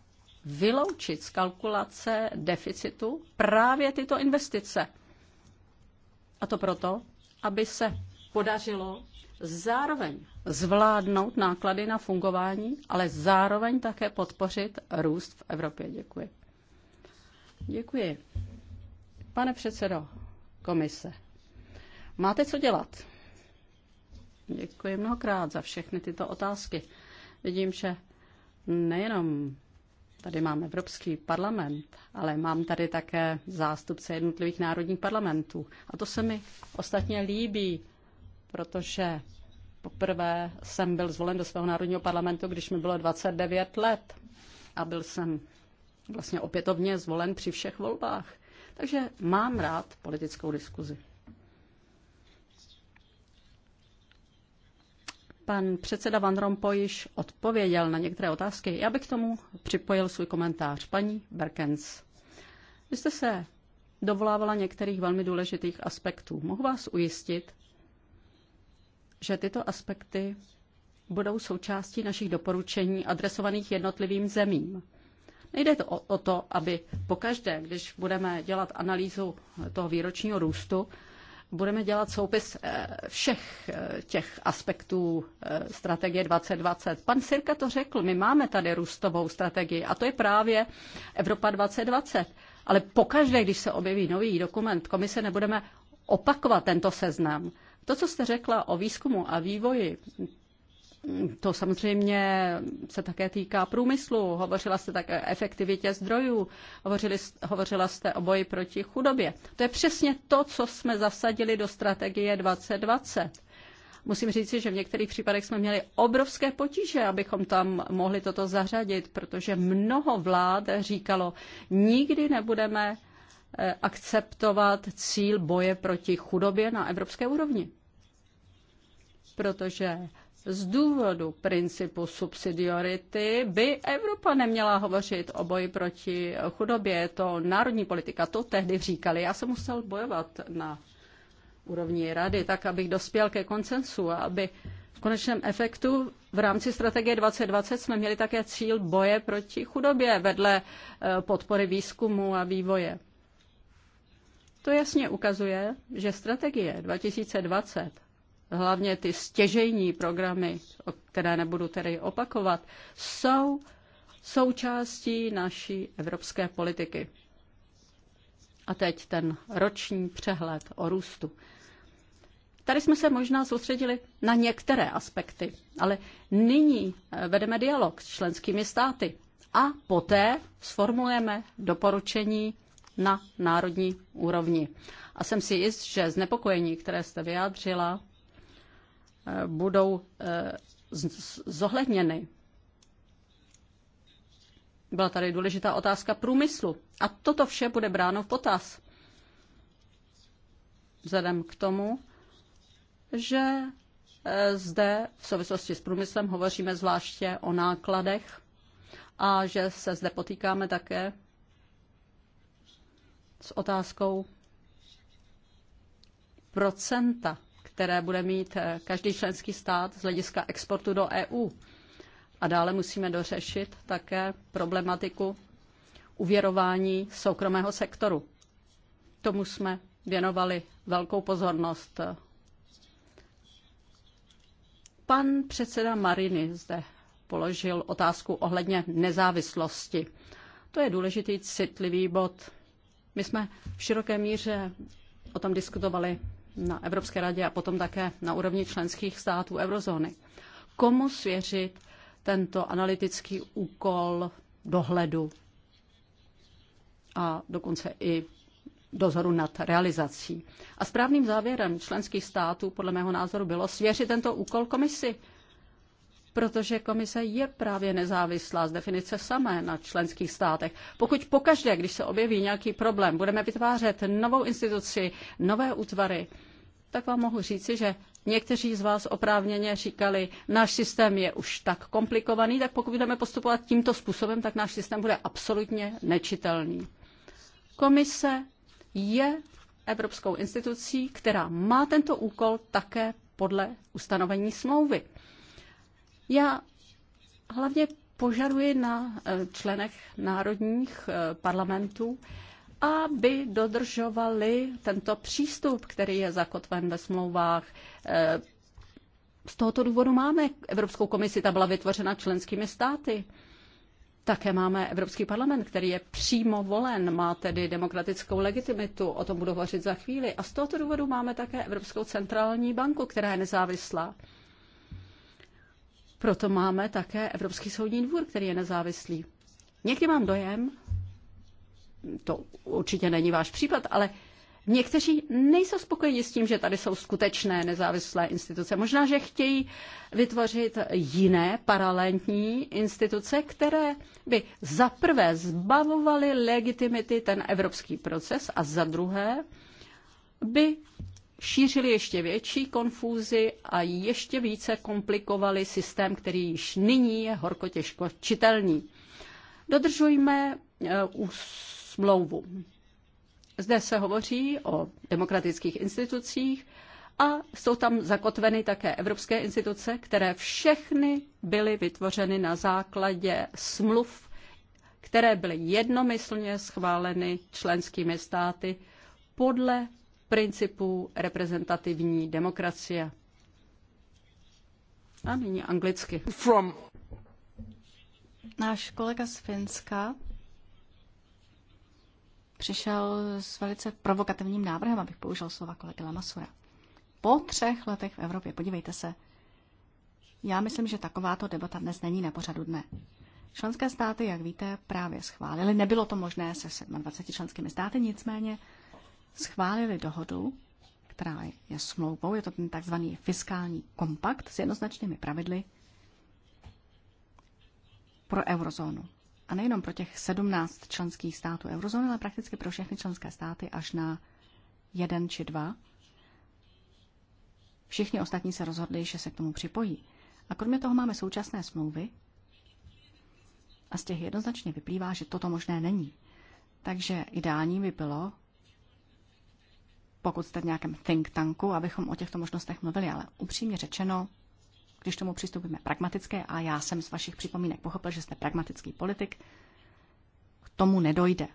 vyloučit z kalkulace deficitu právě tyto investice. A to proto, aby se podařilo zároveň zvládnout náklady na fungování, ale zároveň také podpořit růst v Evropě. Děkuji. Děkuji. Pane předsedo komise, máte co dělat? Děkuji mnohokrát za všechny tyto otázky. Vidím, že nejenom Tady mám Evropský parlament, ale mám tady také zástupce jednotlivých národních parlamentů. A to se mi ostatně líbí, protože poprvé jsem byl zvolen do svého národního parlamentu, když mi bylo 29 let. A byl jsem vlastně opětovně zvolen při všech volbách. Takže mám rád politickou diskuzi. Pan předseda Van Rompuy již odpověděl na některé otázky. Já bych k tomu připojil svůj komentář. Paní Berkens, vy jste se dovolávala některých velmi důležitých aspektů. Mohu vás ujistit, že tyto aspekty budou součástí našich doporučení adresovaných jednotlivým zemím. Nejde to o, o to, aby pokaždé, když budeme dělat analýzu toho výročního růstu, budeme dělat soupis eh, všech eh, těch aspektů eh, strategie 2020. Pan Sirka to řekl, my máme tady růstovou strategii a to je právě Evropa 2020. Ale pokaždé, když se objeví nový dokument komise, nebudeme opakovat tento seznam. To, co jste řekla o výzkumu a vývoji, to samozřejmě se také týká průmyslu. Hovořila jste také o efektivitě zdrojů, hovořili, hovořila jste o boji proti chudobě. To je přesně to, co jsme zasadili do strategie 2020. Musím říci, že v některých případech jsme měli obrovské potíže, abychom tam mohli toto zařadit, protože mnoho vlád říkalo, nikdy nebudeme eh, akceptovat cíl boje proti chudobě na evropské úrovni. Protože z důvodu principu subsidiority by Evropa neměla hovořit o boji proti chudobě. Je to národní politika, to tehdy říkali. Já jsem musel bojovat na úrovni rady, tak abych dospěl ke koncensu a aby v konečném efektu v rámci strategie 2020 jsme měli také cíl boje proti chudobě vedle eh, podpory výzkumu a vývoje. To jasně ukazuje, že strategie 2020 hlavně ty stěžejní programy, které nebudu tedy opakovat, jsou součástí naší evropské politiky. A teď ten roční přehled o růstu. Tady jsme se možná soustředili na některé aspekty, ale nyní eh, vedeme dialog s členskými státy a poté sformulujeme doporučení na národní úrovni. A jsem si jist, že znepokojení, které jste vyjádřila, budou eh, zohledněny. Byla tady důležitá otázka průmyslu. A toto vše bude bráno v potaz. Vzhledem k tomu, že eh, zde v souvislosti s průmyslem hovoříme zvláště o nákladech a že se zde potýkáme také s otázkou procenta které bude mít eh, každý členský stát z hlediska exportu do EU. A dále musíme dořešit také problematiku uvěrování soukromého sektoru. Tomu jsme věnovali velkou pozornost. Pan předseda Mariny zde položil otázku ohledně nezávislosti. To je důležitý citlivý bod. My jsme v široké míře o tom diskutovali na Evropské radě a potom také na úrovni členských států eurozóny. Komu svěřit tento analytický úkol dohledu a dokonce i dozoru nad realizací. A správným závěrem členských států podle mého názoru bylo svěřit tento úkol komisi, protože komise je právě nezávislá z definice samé na členských státech. Pokud pokaždé, když se objeví nějaký problém, budeme vytvářet novou instituci, nové útvary, tak vám mohu říci, že někteří z vás oprávněně říkali, náš systém je už tak komplikovaný, tak pokud budeme postupovat tímto způsobem, tak náš systém bude absolutně nečitelný. Komise je evropskou institucí, která má tento úkol také podle ustanovení smlouvy. Já hlavně požaduji na eh, členech národních eh, parlamentů, aby dodržovali tento přístup, který je zakotven ve smlouvách. Eh, z tohoto důvodu máme Evropskou komisi, ta byla vytvořena členskými státy. Také máme Evropský parlament, který je přímo volen, má tedy demokratickou legitimitu, o tom budu hovořit za chvíli. A z tohoto důvodu máme také Evropskou centrální banku, která je nezávislá. Proto máme také Evropský soudní dvůr, který je nezávislý. Někdy mám dojem, to určitě není váš případ, ale Někteří nejsou spokojeni s tím, že tady jsou skutečné nezávislé instituce. Možná, že chtějí vytvořit jiné paralelní instituce, které by za prvé zbavovaly legitimity ten evropský proces a za druhé by šířili ještě větší konfúzi a ještě více komplikovali systém, který již nyní je horko těžko čitelný. Dodržujme e, u smlouvu. Zde se hovoří o demokratických institucích a jsou tam zakotveny také evropské instituce, které všechny byly vytvořeny na základě smluv, které byly jednomyslně schváleny členskými státy podle principů reprezentativní demokracie.
A nyní anglicky. From. Náš kolega z Finska přišel s velice provokativním návrhem, abych použil slova kolegy Lamasura. Po třech letech v Evropě, podívejte se, já myslím, že takováto debata dnes není na pořadu dne. Členské státy, jak víte, právě schválili. Nebylo to možné se 27 členskými státy, nicméně schválili dohodu, která je smlouvou, je to ten takzvaný fiskální kompakt s jednoznačnými pravidly pro eurozónu. A nejenom pro těch 17 členských států eurozóny, ale prakticky pro všechny členské státy až na jeden či dva. Všichni ostatní se rozhodli, že se k tomu připojí. A kromě toho máme současné smlouvy a z těch jednoznačně vyplývá, že toto možné není. Takže ideální by bylo, pokud jste v nějakém think tanku, abychom o těchto možnostech mluvili, ale upřímně řečeno, když tomu přistupujeme pragmatické, a já jsem z vašich připomínek pochopil, že jste pragmatický politik, k tomu nedojde.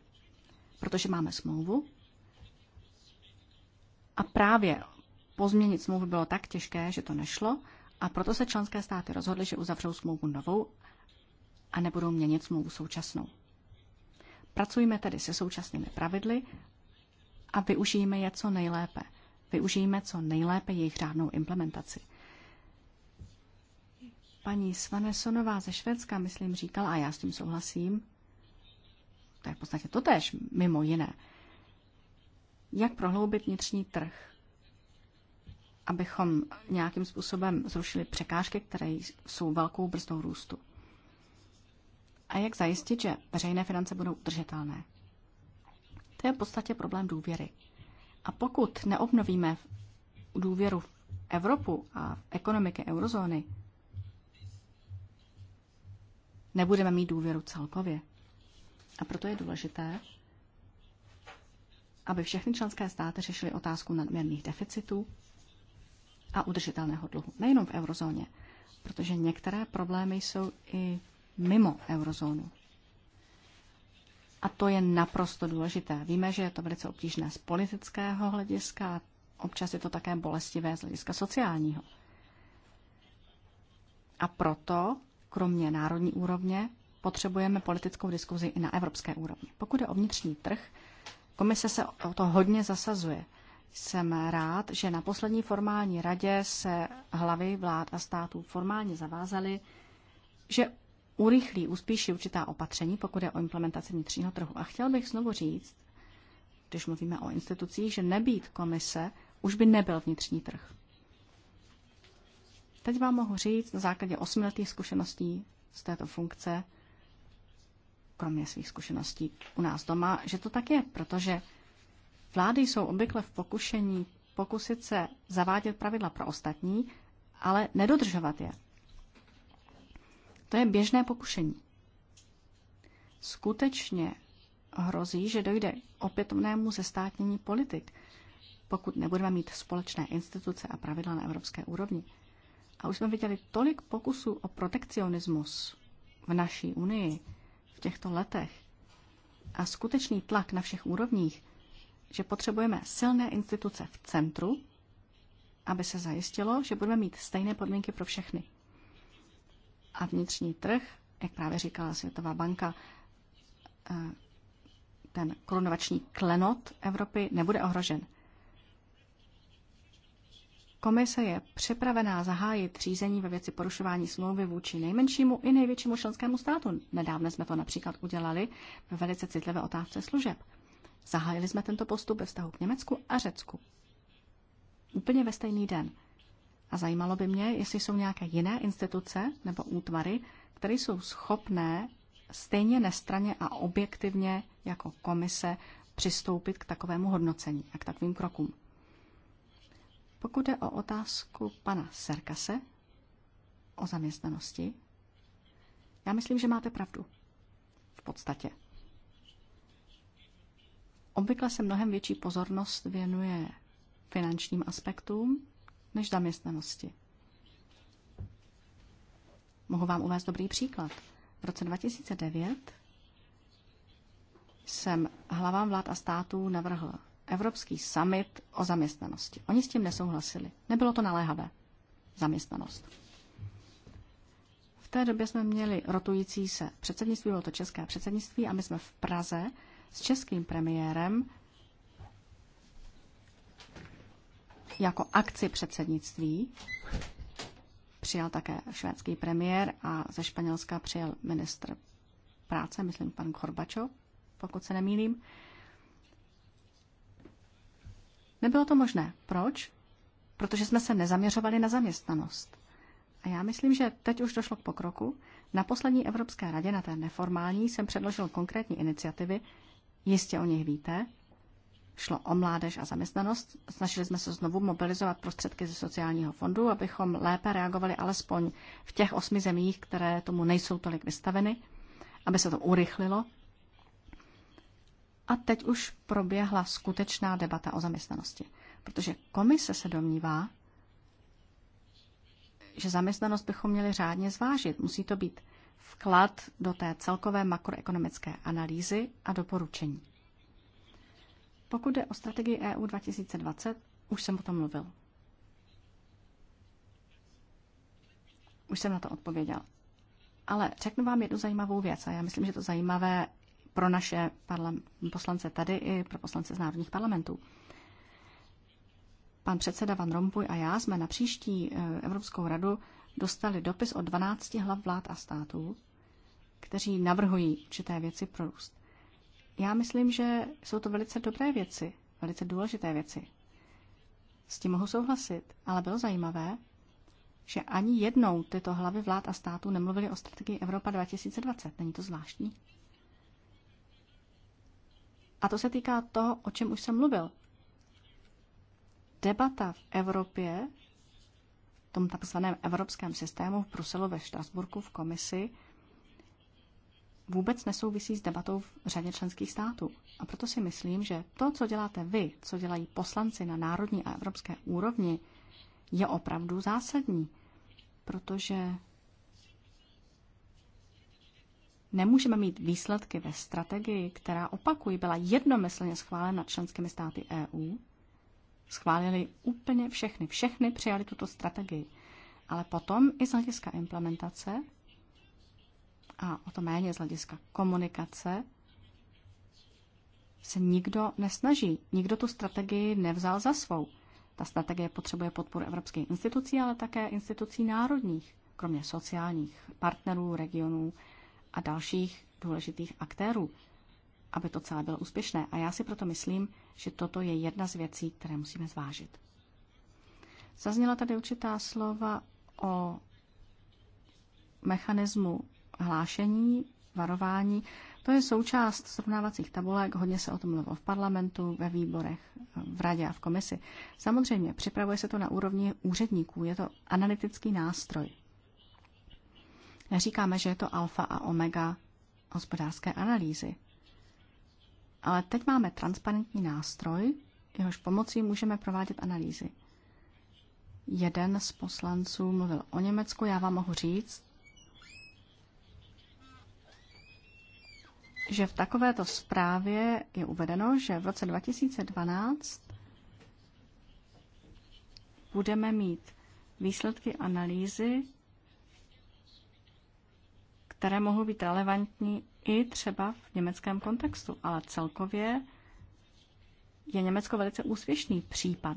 Protože máme smlouvu a právě pozměnit smlouvu bylo tak těžké, že to nešlo a proto se členské státy rozhodly, že uzavřou smlouvu novou a nebudou měnit smlouvu současnou. Pracujeme tedy se současnými pravidly a využijeme je co nejlépe. Využijeme co nejlépe jejich řádnou implementaci. Paní Svanesonová ze Švédska, myslím, říkala, a já s tím souhlasím, to je v podstatě totéž, mimo jiné, jak prohloubit vnitřní trh, abychom nějakým způsobem zrušili překážky, které jsou velkou brzdou růstu. A jak zajistit, že veřejné finance budou udržitelné? To je v podstatě problém důvěry. A pokud neobnovíme důvěru v Evropu a v ekonomiky eurozóny, nebudeme mít důvěru celkově. A proto je důležité, aby všechny členské státy řešily otázku nadměrných deficitů a udržitelného dluhu. Nejenom v eurozóně, protože některé problémy jsou i mimo eurozónu. A to je naprosto důležité. Víme, že je to velice obtížné z politického hlediska, občas je to také bolestivé z hlediska sociálního. A proto, kromě národní úrovně, potřebujeme politickou diskuzi i na evropské úrovni. Pokud je o vnitřní trh, komise se o to hodně zasazuje. Jsem rád, že na poslední formální radě se hlavy vlád a států formálně zavázaly, že urychlí, uspíší určitá opatření, pokud je o implementaci vnitřního trhu. A chtěl bych znovu říct, když mluvíme o institucích, že nebýt komise, už by nebyl vnitřní trh. Teď vám mohu říct na základě osmiletých zkušeností z této funkce, kromě svých zkušeností u nás doma, že to tak je, protože vlády jsou obvykle v pokušení pokusit se zavádět pravidla pro ostatní, ale nedodržovat je. To je běžné pokušení. Skutečně hrozí, že dojde opětovnému zestátnění politik, pokud nebudeme mít společné instituce a pravidla na evropské úrovni. A už jsme viděli tolik pokusů o protekcionismus v naší unii v těchto letech a skutečný tlak na všech úrovních, že potřebujeme silné instituce v centru, aby se zajistilo, že budeme mít stejné podmínky pro všechny a vnitřní trh, jak právě říkala Světová banka, eh, ten korunovační klenot Evropy nebude ohrožen. Komise je připravená zahájit řízení ve věci porušování smlouvy vůči nejmenšímu i největšímu členskému státu. Nedávno jsme to například udělali ve velice citlivé otázce služeb. Zahájili jsme tento postup ve vztahu k Německu a Řecku. Úplně ve stejný den – a zajímalo by mě, jestli jsou nějaké jiné instituce nebo útvary, které jsou schopné stejně nestraně a objektivně jako komise přistoupit k takovému hodnocení a k takovým krokům. Pokud jde o otázku pana Serkase o zaměstnanosti, já myslím, že máte pravdu. V podstatě. Obvykle se mnohem větší pozornost věnuje finančním aspektům než zaměstnanosti. Mohu vám uvést dobrý příklad. V roce 2009 jsem hlavám vlád a států navrhl Evropský summit o zaměstnanosti. Oni s tím nesouhlasili. Nebylo to naléhavé. Zaměstnanost. V té době jsme měli rotující se předsednictví, bylo to české předsednictví, a my jsme v Praze s českým premiérem jako akci předsednictví přijal také švédský premiér a ze Španělska přijel ministr práce, myslím pan Korbačo, pokud se nemýlím. Nebylo to možné. Proč? Protože jsme se nezaměřovali na zaměstnanost. A já myslím, že teď už došlo k pokroku. Na poslední Evropské radě, na té neformální, jsem předložil konkrétní iniciativy, jistě o nich víte, Šlo o mládež a zaměstnanost. Snažili jsme se znovu mobilizovat prostředky ze sociálního fondu, abychom lépe reagovali alespoň v těch osmi zemích, které tomu nejsou tolik vystaveny, aby se to urychlilo. A teď už proběhla skutečná debata o zaměstnanosti, protože komise se domnívá, že zaměstnanost bychom měli řádně zvážit. Musí to být vklad do té celkové makroekonomické analýzy a doporučení. Pokud jde o strategii EU 2020, už jsem o tom mluvil. Už jsem na to odpověděl. Ale řeknu vám jednu zajímavou věc a já myslím, že to zajímavé pro naše poslance tady i pro poslance z národních parlamentů. Pan předseda Van Rompuy a já jsme na příští eh, Evropskou radu dostali dopis od 12 hlav vlád a států, kteří navrhují určité věci pro růst. Já myslím, že jsou to velice dobré věci, velice důležité věci. S tím mohu souhlasit, ale bylo zajímavé, že ani jednou tyto hlavy vlád a států nemluvili o strategii Evropa 2020. Není to zvláštní? A to se týká toho, o čem už jsem mluvil. Debata v Evropě, v tom takzvaném evropském systému, v Bruselu, ve Štrasburku, v komisi, vůbec nesouvisí s debatou v řadě členských států. A proto si myslím, že to, co děláte vy, co dělají poslanci na národní a evropské úrovni, je opravdu zásadní, protože nemůžeme mít výsledky ve strategii, která, opakují, byla jednomyslně schválena členskými státy EU. Schválili úplně všechny, všechny přijali tuto strategii. Ale potom i z hlediska implementace a o to méně z hlediska komunikace, se nikdo nesnaží. Nikdo tu strategii nevzal za svou. Ta strategie potřebuje podporu evropských institucí, ale také institucí národních, kromě sociálních partnerů, regionů a dalších důležitých aktérů, aby to celé bylo úspěšné. A já si proto myslím, že toto je jedna z věcí, které musíme zvážit. Zazněla tady určitá slova o mechanismu hlášení, varování. To je součást srovnávacích tabulek, hodně se o tom mluvilo v parlamentu, ve výborech, v radě a v komisi. Samozřejmě připravuje se to na úrovni úředníků, je to analytický nástroj. Neříkáme, že je to alfa a omega hospodářské analýzy. Ale teď máme transparentní nástroj, jehož pomocí můžeme provádět analýzy. Jeden z poslanců mluvil o Německu, já vám mohu říct, že v takovéto zprávě je uvedeno, že v roce 2012 budeme mít výsledky analýzy, které mohou být relevantní i třeba v německém kontextu, ale celkově je Německo velice úspěšný případ.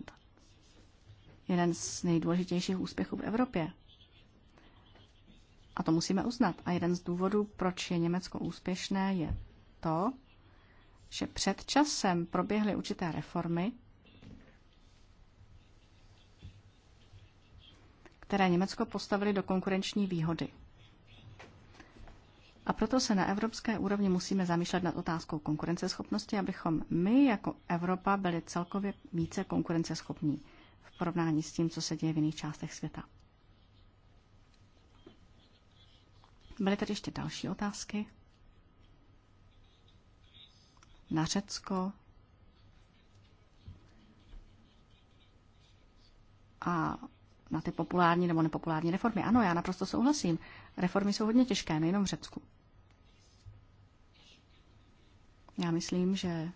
Jeden z nejdůležitějších úspěchů v Evropě. A to musíme uznat. A jeden z důvodů, proč je Německo úspěšné, je to, že před časem proběhly určité reformy, které Německo postavili do konkurenční výhody. A proto se na evropské úrovni musíme zamýšlet nad otázkou konkurenceschopnosti, abychom my jako Evropa byli celkově více konkurenceschopní v porovnání s tím, co se děje v jiných částech světa. Byly tady ještě další otázky? Na Řecko a na ty populární nebo nepopulární reformy. Ano, já naprosto souhlasím. Reformy jsou hodně těžké, nejenom v Řecku. Já myslím, že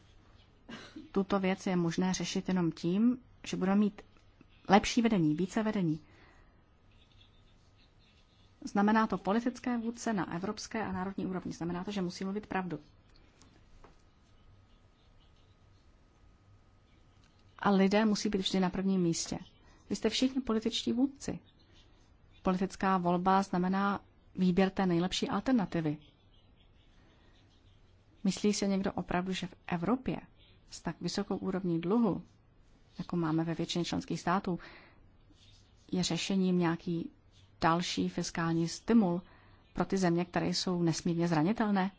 tuto věc je možné řešit jenom tím, že budeme mít lepší vedení, více vedení. Znamená to politické vůdce na evropské a národní úrovni. Znamená to, že musí mluvit pravdu. A lidé musí být vždy na prvním místě. Vy jste všichni političtí vůdci. Politická volba znamená výběr té nejlepší alternativy. Myslí se někdo opravdu, že v Evropě s tak vysokou úrovní dluhu, jako máme ve většině členských států, je řešením nějaký další fiskální stimul pro ty země, které jsou nesmírně zranitelné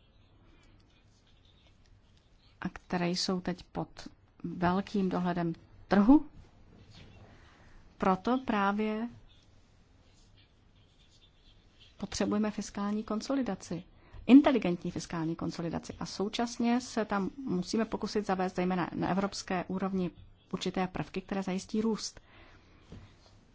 a které jsou teď pod velkým dohledem trhu. Proto právě potřebujeme fiskální konsolidaci, inteligentní fiskální konsolidaci a současně se tam musíme pokusit zavést zejména na evropské úrovni určité prvky, které zajistí růst.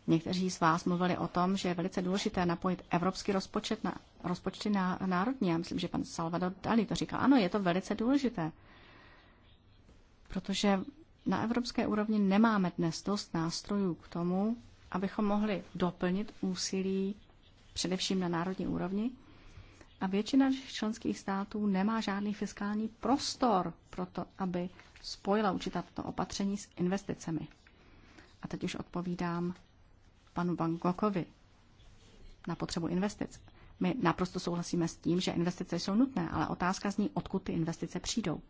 Někteří z vás mluvili o tom, že je velice důležité napojit evropský rozpočet na rozpočty na, národní. Já myslím, že pan Salvador Dali to říkal. Ano, je to velice důležité, protože na evropské úrovni nemáme dnes dost nástrojů k tomu, abychom mohli doplnit úsilí především na národní úrovni. A většina členských států nemá žádný fiskální prostor pro to, aby spojila určitá tato opatření s investicemi. A teď už odpovídám panu Bangkokovi na potřebu investic. My naprosto souhlasíme s tím, že investice jsou nutné, ale otázka zní, odkud ty investice přijdou.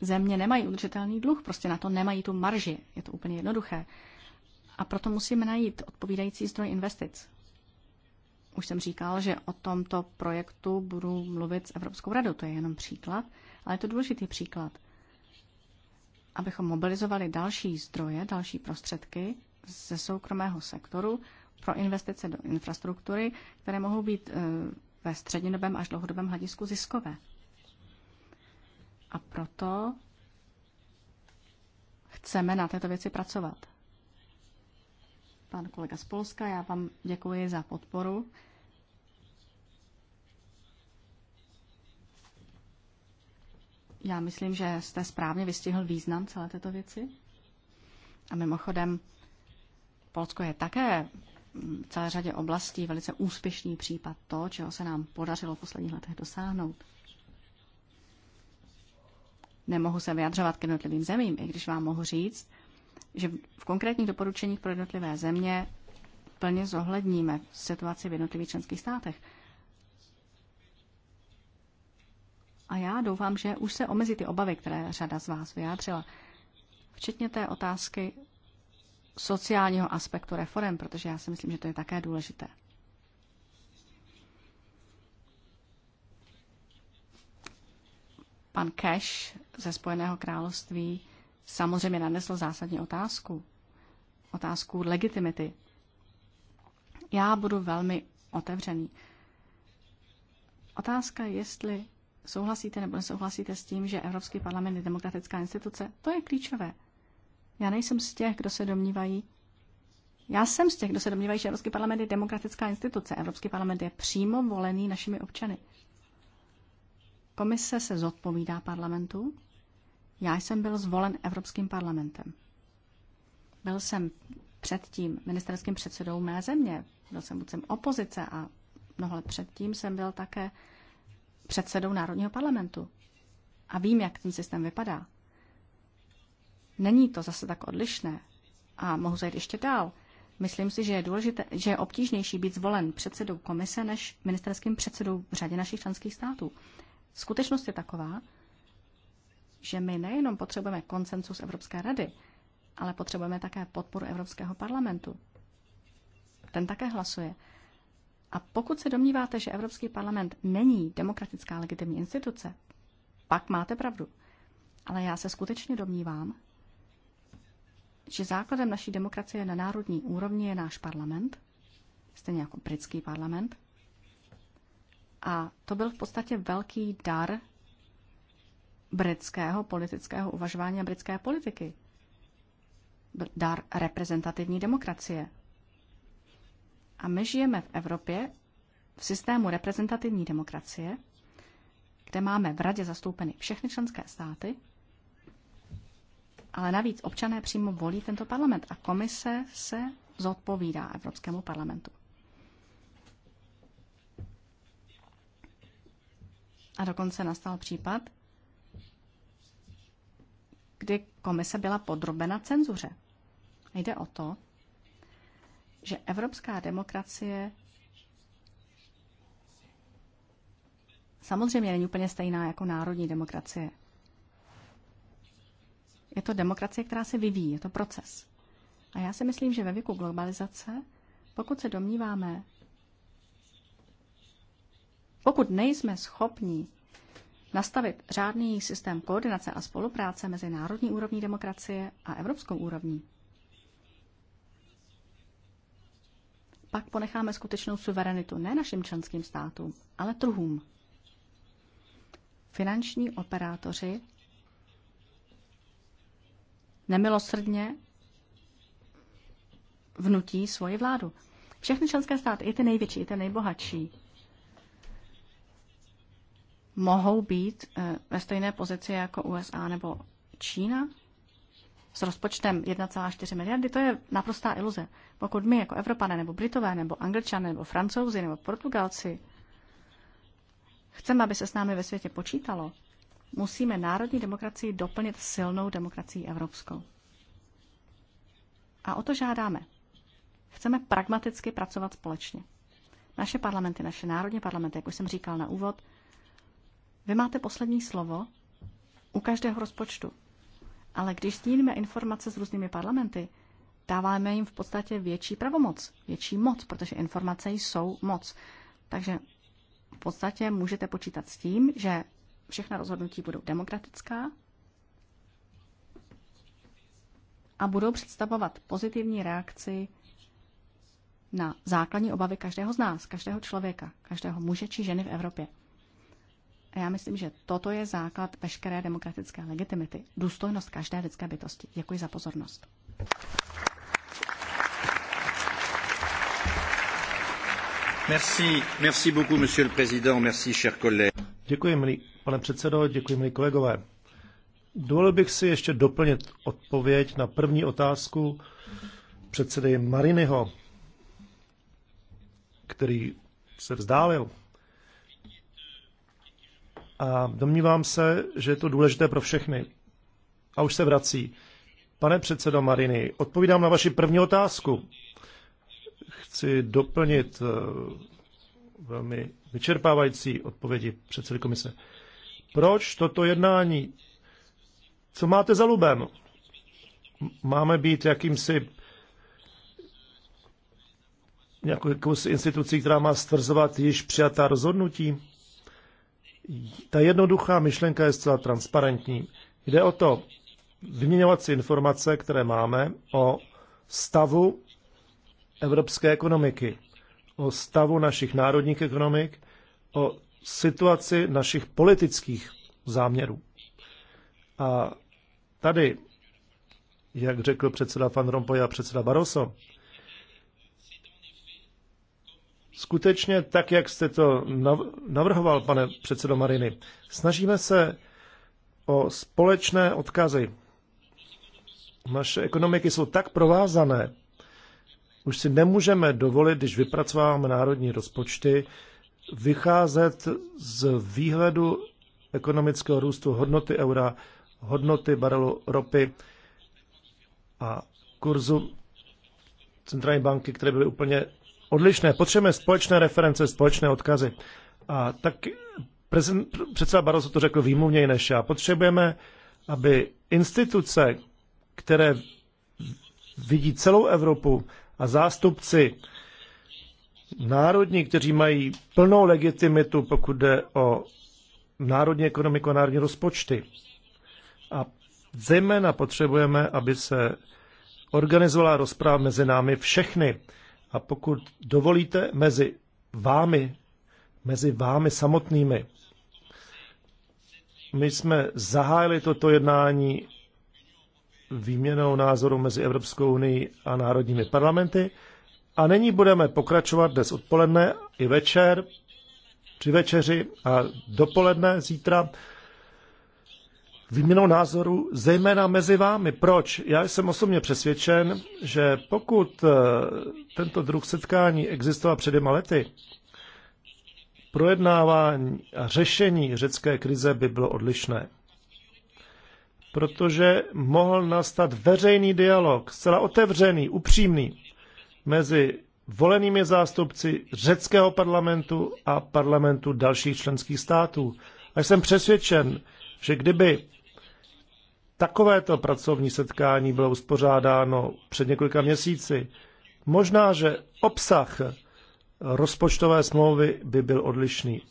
Země nemají udržitelný dluh, prostě na to nemají tu marži. Je to úplně jednoduché. A proto musíme najít odpovídající zdroj investic. Už jsem říkal, že o tomto projektu budu mluvit s Evropskou radou. To je jenom příklad, ale je to důležitý příklad abychom mobilizovali další zdroje, další prostředky ze soukromého sektoru pro investice do infrastruktury, které mohou být eh, ve střednědobém až dlouhodobém hledisku ziskové. A proto chceme na této věci pracovat. Pan kolega z Polska, já vám děkuji za podporu Já myslím, že jste správně vystihl význam celé této věci. A mimochodem, Polsko je také v celé řadě oblastí velice úspěšný případ to, čeho se nám podařilo v posledních letech dosáhnout. Nemohu se vyjadřovat k jednotlivým zemím, i když vám mohu říct, že v konkrétních doporučeních pro jednotlivé země plně zohledníme situaci v jednotlivých členských státech. A já doufám, že už se omezí ty obavy, které řada z vás vyjádřila. Včetně té otázky sociálního aspektu reform, protože já si myslím, že to je také důležité. Pan Cash ze Spojeného království samozřejmě nanesl zásadní otázku. Otázku legitimity. Já budu velmi otevřený. Otázka, jestli Souhlasíte nebo nesouhlasíte s tím, že Evropský parlament je demokratická instituce? To je klíčové. Já nejsem z těch, kdo se domnívají, já jsem z těch, kdo se domnívají, že Evropský parlament je demokratická instituce. Evropský parlament je přímo volený našimi občany. Komise se zodpovídá parlamentu. Já jsem byl zvolen Evropským parlamentem. Byl jsem předtím ministerským předsedou mé země, byl jsem vůdcem opozice a mnoho let předtím jsem byl také předsedou Národního parlamentu. A vím, jak ten systém vypadá. Není to zase tak odlišné. A mohu zajít ještě dál. Myslím si, že je, důležité, že je obtížnější být zvolen předsedou komise než ministerským předsedou v řadě našich členských států. Skutečnost je taková, že my nejenom potřebujeme konsensus Evropské rady, ale potřebujeme také podporu Evropského parlamentu. Ten také hlasuje. A pokud se domníváte, že Evropský parlament není demokratická legitimní instituce, pak máte pravdu. Ale já se skutečně domnívám, že základem naší demokracie na národní úrovni je náš parlament, stejně jako britský parlament. A to byl v podstatě velký dar britského politického uvažování a britské politiky. Dar reprezentativní demokracie, a my žijeme v Evropě v systému reprezentativní demokracie, kde máme v radě zastoupeny všechny členské státy, ale navíc občané přímo volí tento parlament a komise se zodpovídá Evropskému parlamentu. A dokonce nastal případ, kdy komise byla podrobena cenzuře. Jde o to, že evropská demokracie samozřejmě není úplně stejná jako národní demokracie. Je to demokracie, která se vyvíjí, je to proces. A já si myslím, že ve věku globalizace, pokud se domníváme, pokud nejsme schopni nastavit řádný systém koordinace a spolupráce mezi národní úrovní demokracie a evropskou úrovní, pak ponecháme skutečnou suverenitu ne našim členským státům, ale trhům. Finanční operátoři nemilosrdně vnutí svoji vládu. Všechny členské státy, i ty největší, i ty nejbohatší, mohou být eh, ve stejné pozici jako USA nebo Čína, s rozpočtem 1,4 miliardy, to je naprostá iluze. Pokud my jako Evropané nebo Britové nebo Angličané nebo Francouzi nebo Portugalci chceme, aby se s námi ve světě počítalo, musíme národní demokracii doplnit silnou demokracií evropskou. A o to žádáme. Chceme pragmaticky pracovat společně. Naše parlamenty, naše národní parlamenty, jak už jsem říkal na úvod, vy máte poslední slovo u každého rozpočtu. Ale když sdílíme informace s různými parlamenty, dáváme jim v podstatě větší pravomoc, větší moc, protože informace jsou moc. Takže v podstatě můžete počítat s tím, že všechna rozhodnutí budou demokratická a budou představovat pozitivní reakci na základní obavy každého z nás, každého člověka, každého muže či ženy v Evropě. A já myslím, že toto je základ veškeré demokratické legitimity, důstojnost každé lidské bytosti. Děkuji za pozornost. Merci, merci beaucoup, monsieur le président, merci, chers collègues.
Děkuji, milí pane předsedo, děkuji, milí kolegové. Dovolil bych si ještě doplnit odpověď na první otázku předsedy Marinyho, který se vzdálil a domnívám se, že je to důležité pro všechny. A už se vrací. Pane předsedo Mariny, odpovídám na vaši první otázku. Chci doplnit eh, velmi vyčerpávající odpovědi předsedy komise. Proč toto jednání? Co máte za lubem? Máme být jakýmsi nějakou institucí, která má stvrzovat již přijatá rozhodnutí? Ta jednoduchá myšlenka je zcela transparentní. Jde o to vyměňovat si informace, které máme o stavu evropské ekonomiky, o stavu našich národních ekonomik, o situaci našich politických záměrů. A tady, jak řekl předseda Van Rompuy a předseda Barroso, skutečně tak, jak jste to navrhoval, pane předsedo Mariny. Snažíme se o společné odkazy. Naše ekonomiky jsou tak provázané, už si nemůžeme dovolit, když vypracováváme národní rozpočty, vycházet z výhledu ekonomického růstu hodnoty eura, hodnoty barelu ropy a kurzu centrální banky, které byly úplně odlišné. Potřebujeme společné reference, společné odkazy. A tak prezident, předseda Barroso to řekl výmluvněji než já. Potřebujeme, aby instituce, které vidí celou Evropu a zástupci národní, kteří mají plnou legitimitu, pokud jde o národní ekonomiku a národní rozpočty. A zejména potřebujeme, aby se organizovala rozpráva mezi námi všechny, a pokud dovolíte mezi vámi, mezi vámi samotnými, my jsme zahájili toto jednání výměnou názoru mezi Evropskou unii a národními parlamenty a nyní budeme pokračovat dnes odpoledne i večer, při večeři a dopoledne zítra výměnou názoru, zejména mezi vámi. Proč? Já jsem osobně přesvědčen, že pokud eh, tento druh setkání existoval před dvěma lety, projednávání a řešení řecké krize by bylo odlišné. Protože mohl nastat veřejný dialog, zcela otevřený, upřímný, mezi volenými zástupci řeckého parlamentu a parlamentu dalších členských států. A jsem přesvědčen, že kdyby Takovéto pracovní setkání bylo uspořádáno před několika měsíci. Možná, že obsah rozpočtové smlouvy by byl odlišný,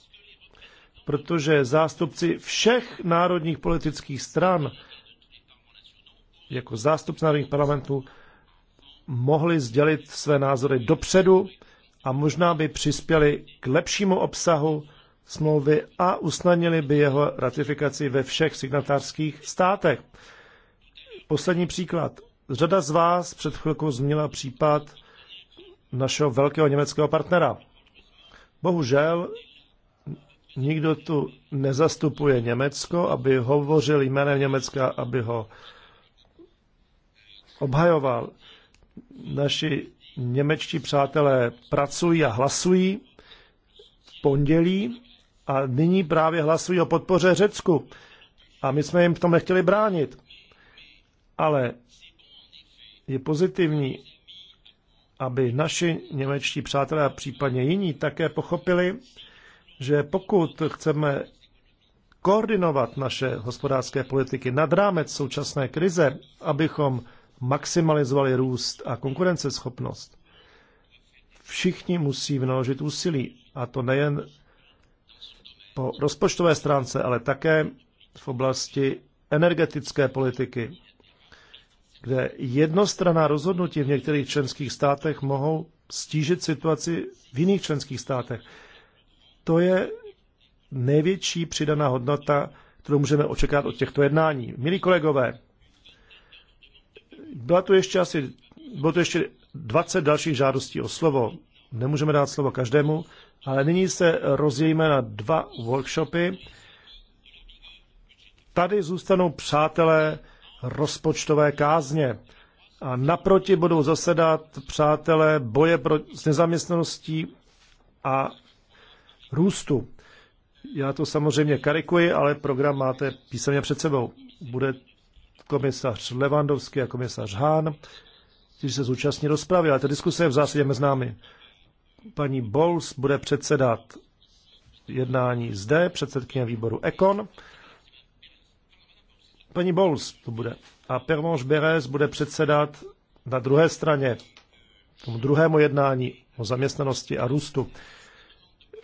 protože zástupci všech národních politických stran jako zástupci národních parlamentů mohli sdělit své názory dopředu a možná by přispěli k lepšímu obsahu smlouvy a usnadnili by jeho ratifikaci ve všech signatářských státech. Poslední příklad. Řada z vás před chvilkou změnila případ našeho velkého německého partnera. Bohužel nikdo tu nezastupuje Německo, aby hovořil jménem Německa, aby ho obhajoval. Naši němečtí přátelé pracují a hlasují v pondělí a nyní právě hlasují o podpoře Řecku. A my jsme jim v tom nechtěli bránit. Ale je pozitivní, aby naši němečtí přátelé a případně jiní také pochopili, že pokud chceme koordinovat naše hospodářské politiky nad rámec současné krize, abychom maximalizovali růst a konkurenceschopnost, všichni musí vynaložit úsilí, a to nejen po rozpočtové stránce, ale také v oblasti energetické politiky, kde jednostranná rozhodnutí v některých členských státech mohou stížit situaci v jiných členských státech. To je největší přidaná hodnota, kterou můžeme očekávat od těchto jednání. Milí kolegové, byla tu ještě asi, bylo tu ještě 20 dalších žádostí o slovo. Nemůžeme dát slovo každému, ale nyní se rozdělíme na dva workshopy. Tady zůstanou přátelé rozpočtové kázně. A naproti budou zasedat přátelé boje pro, s nezaměstnaností a růstu. Já to samozřejmě karikuji, ale program máte písemně před sebou. Bude komisař Levandovský a komisař Hán, kteří se zúčastní rozpravy, ale ta diskuse je v zásadě mezi námi. Paní Bowles bude předsedat jednání zde, předsedkyně výboru Econ. Paní Bowles to bude. A Permange Beres bude předsedat na druhé straně tomu druhému jednání o zaměstnanosti a růstu.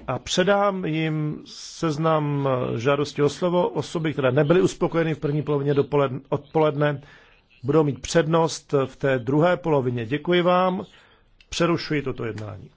A předám jim seznam žádosti o slovo. Osoby, které nebyly uspokojeny v první polovině dopoledne, odpoledne, budou mít přednost v té druhé polovině. Děkuji vám. Přerušuji toto jednání.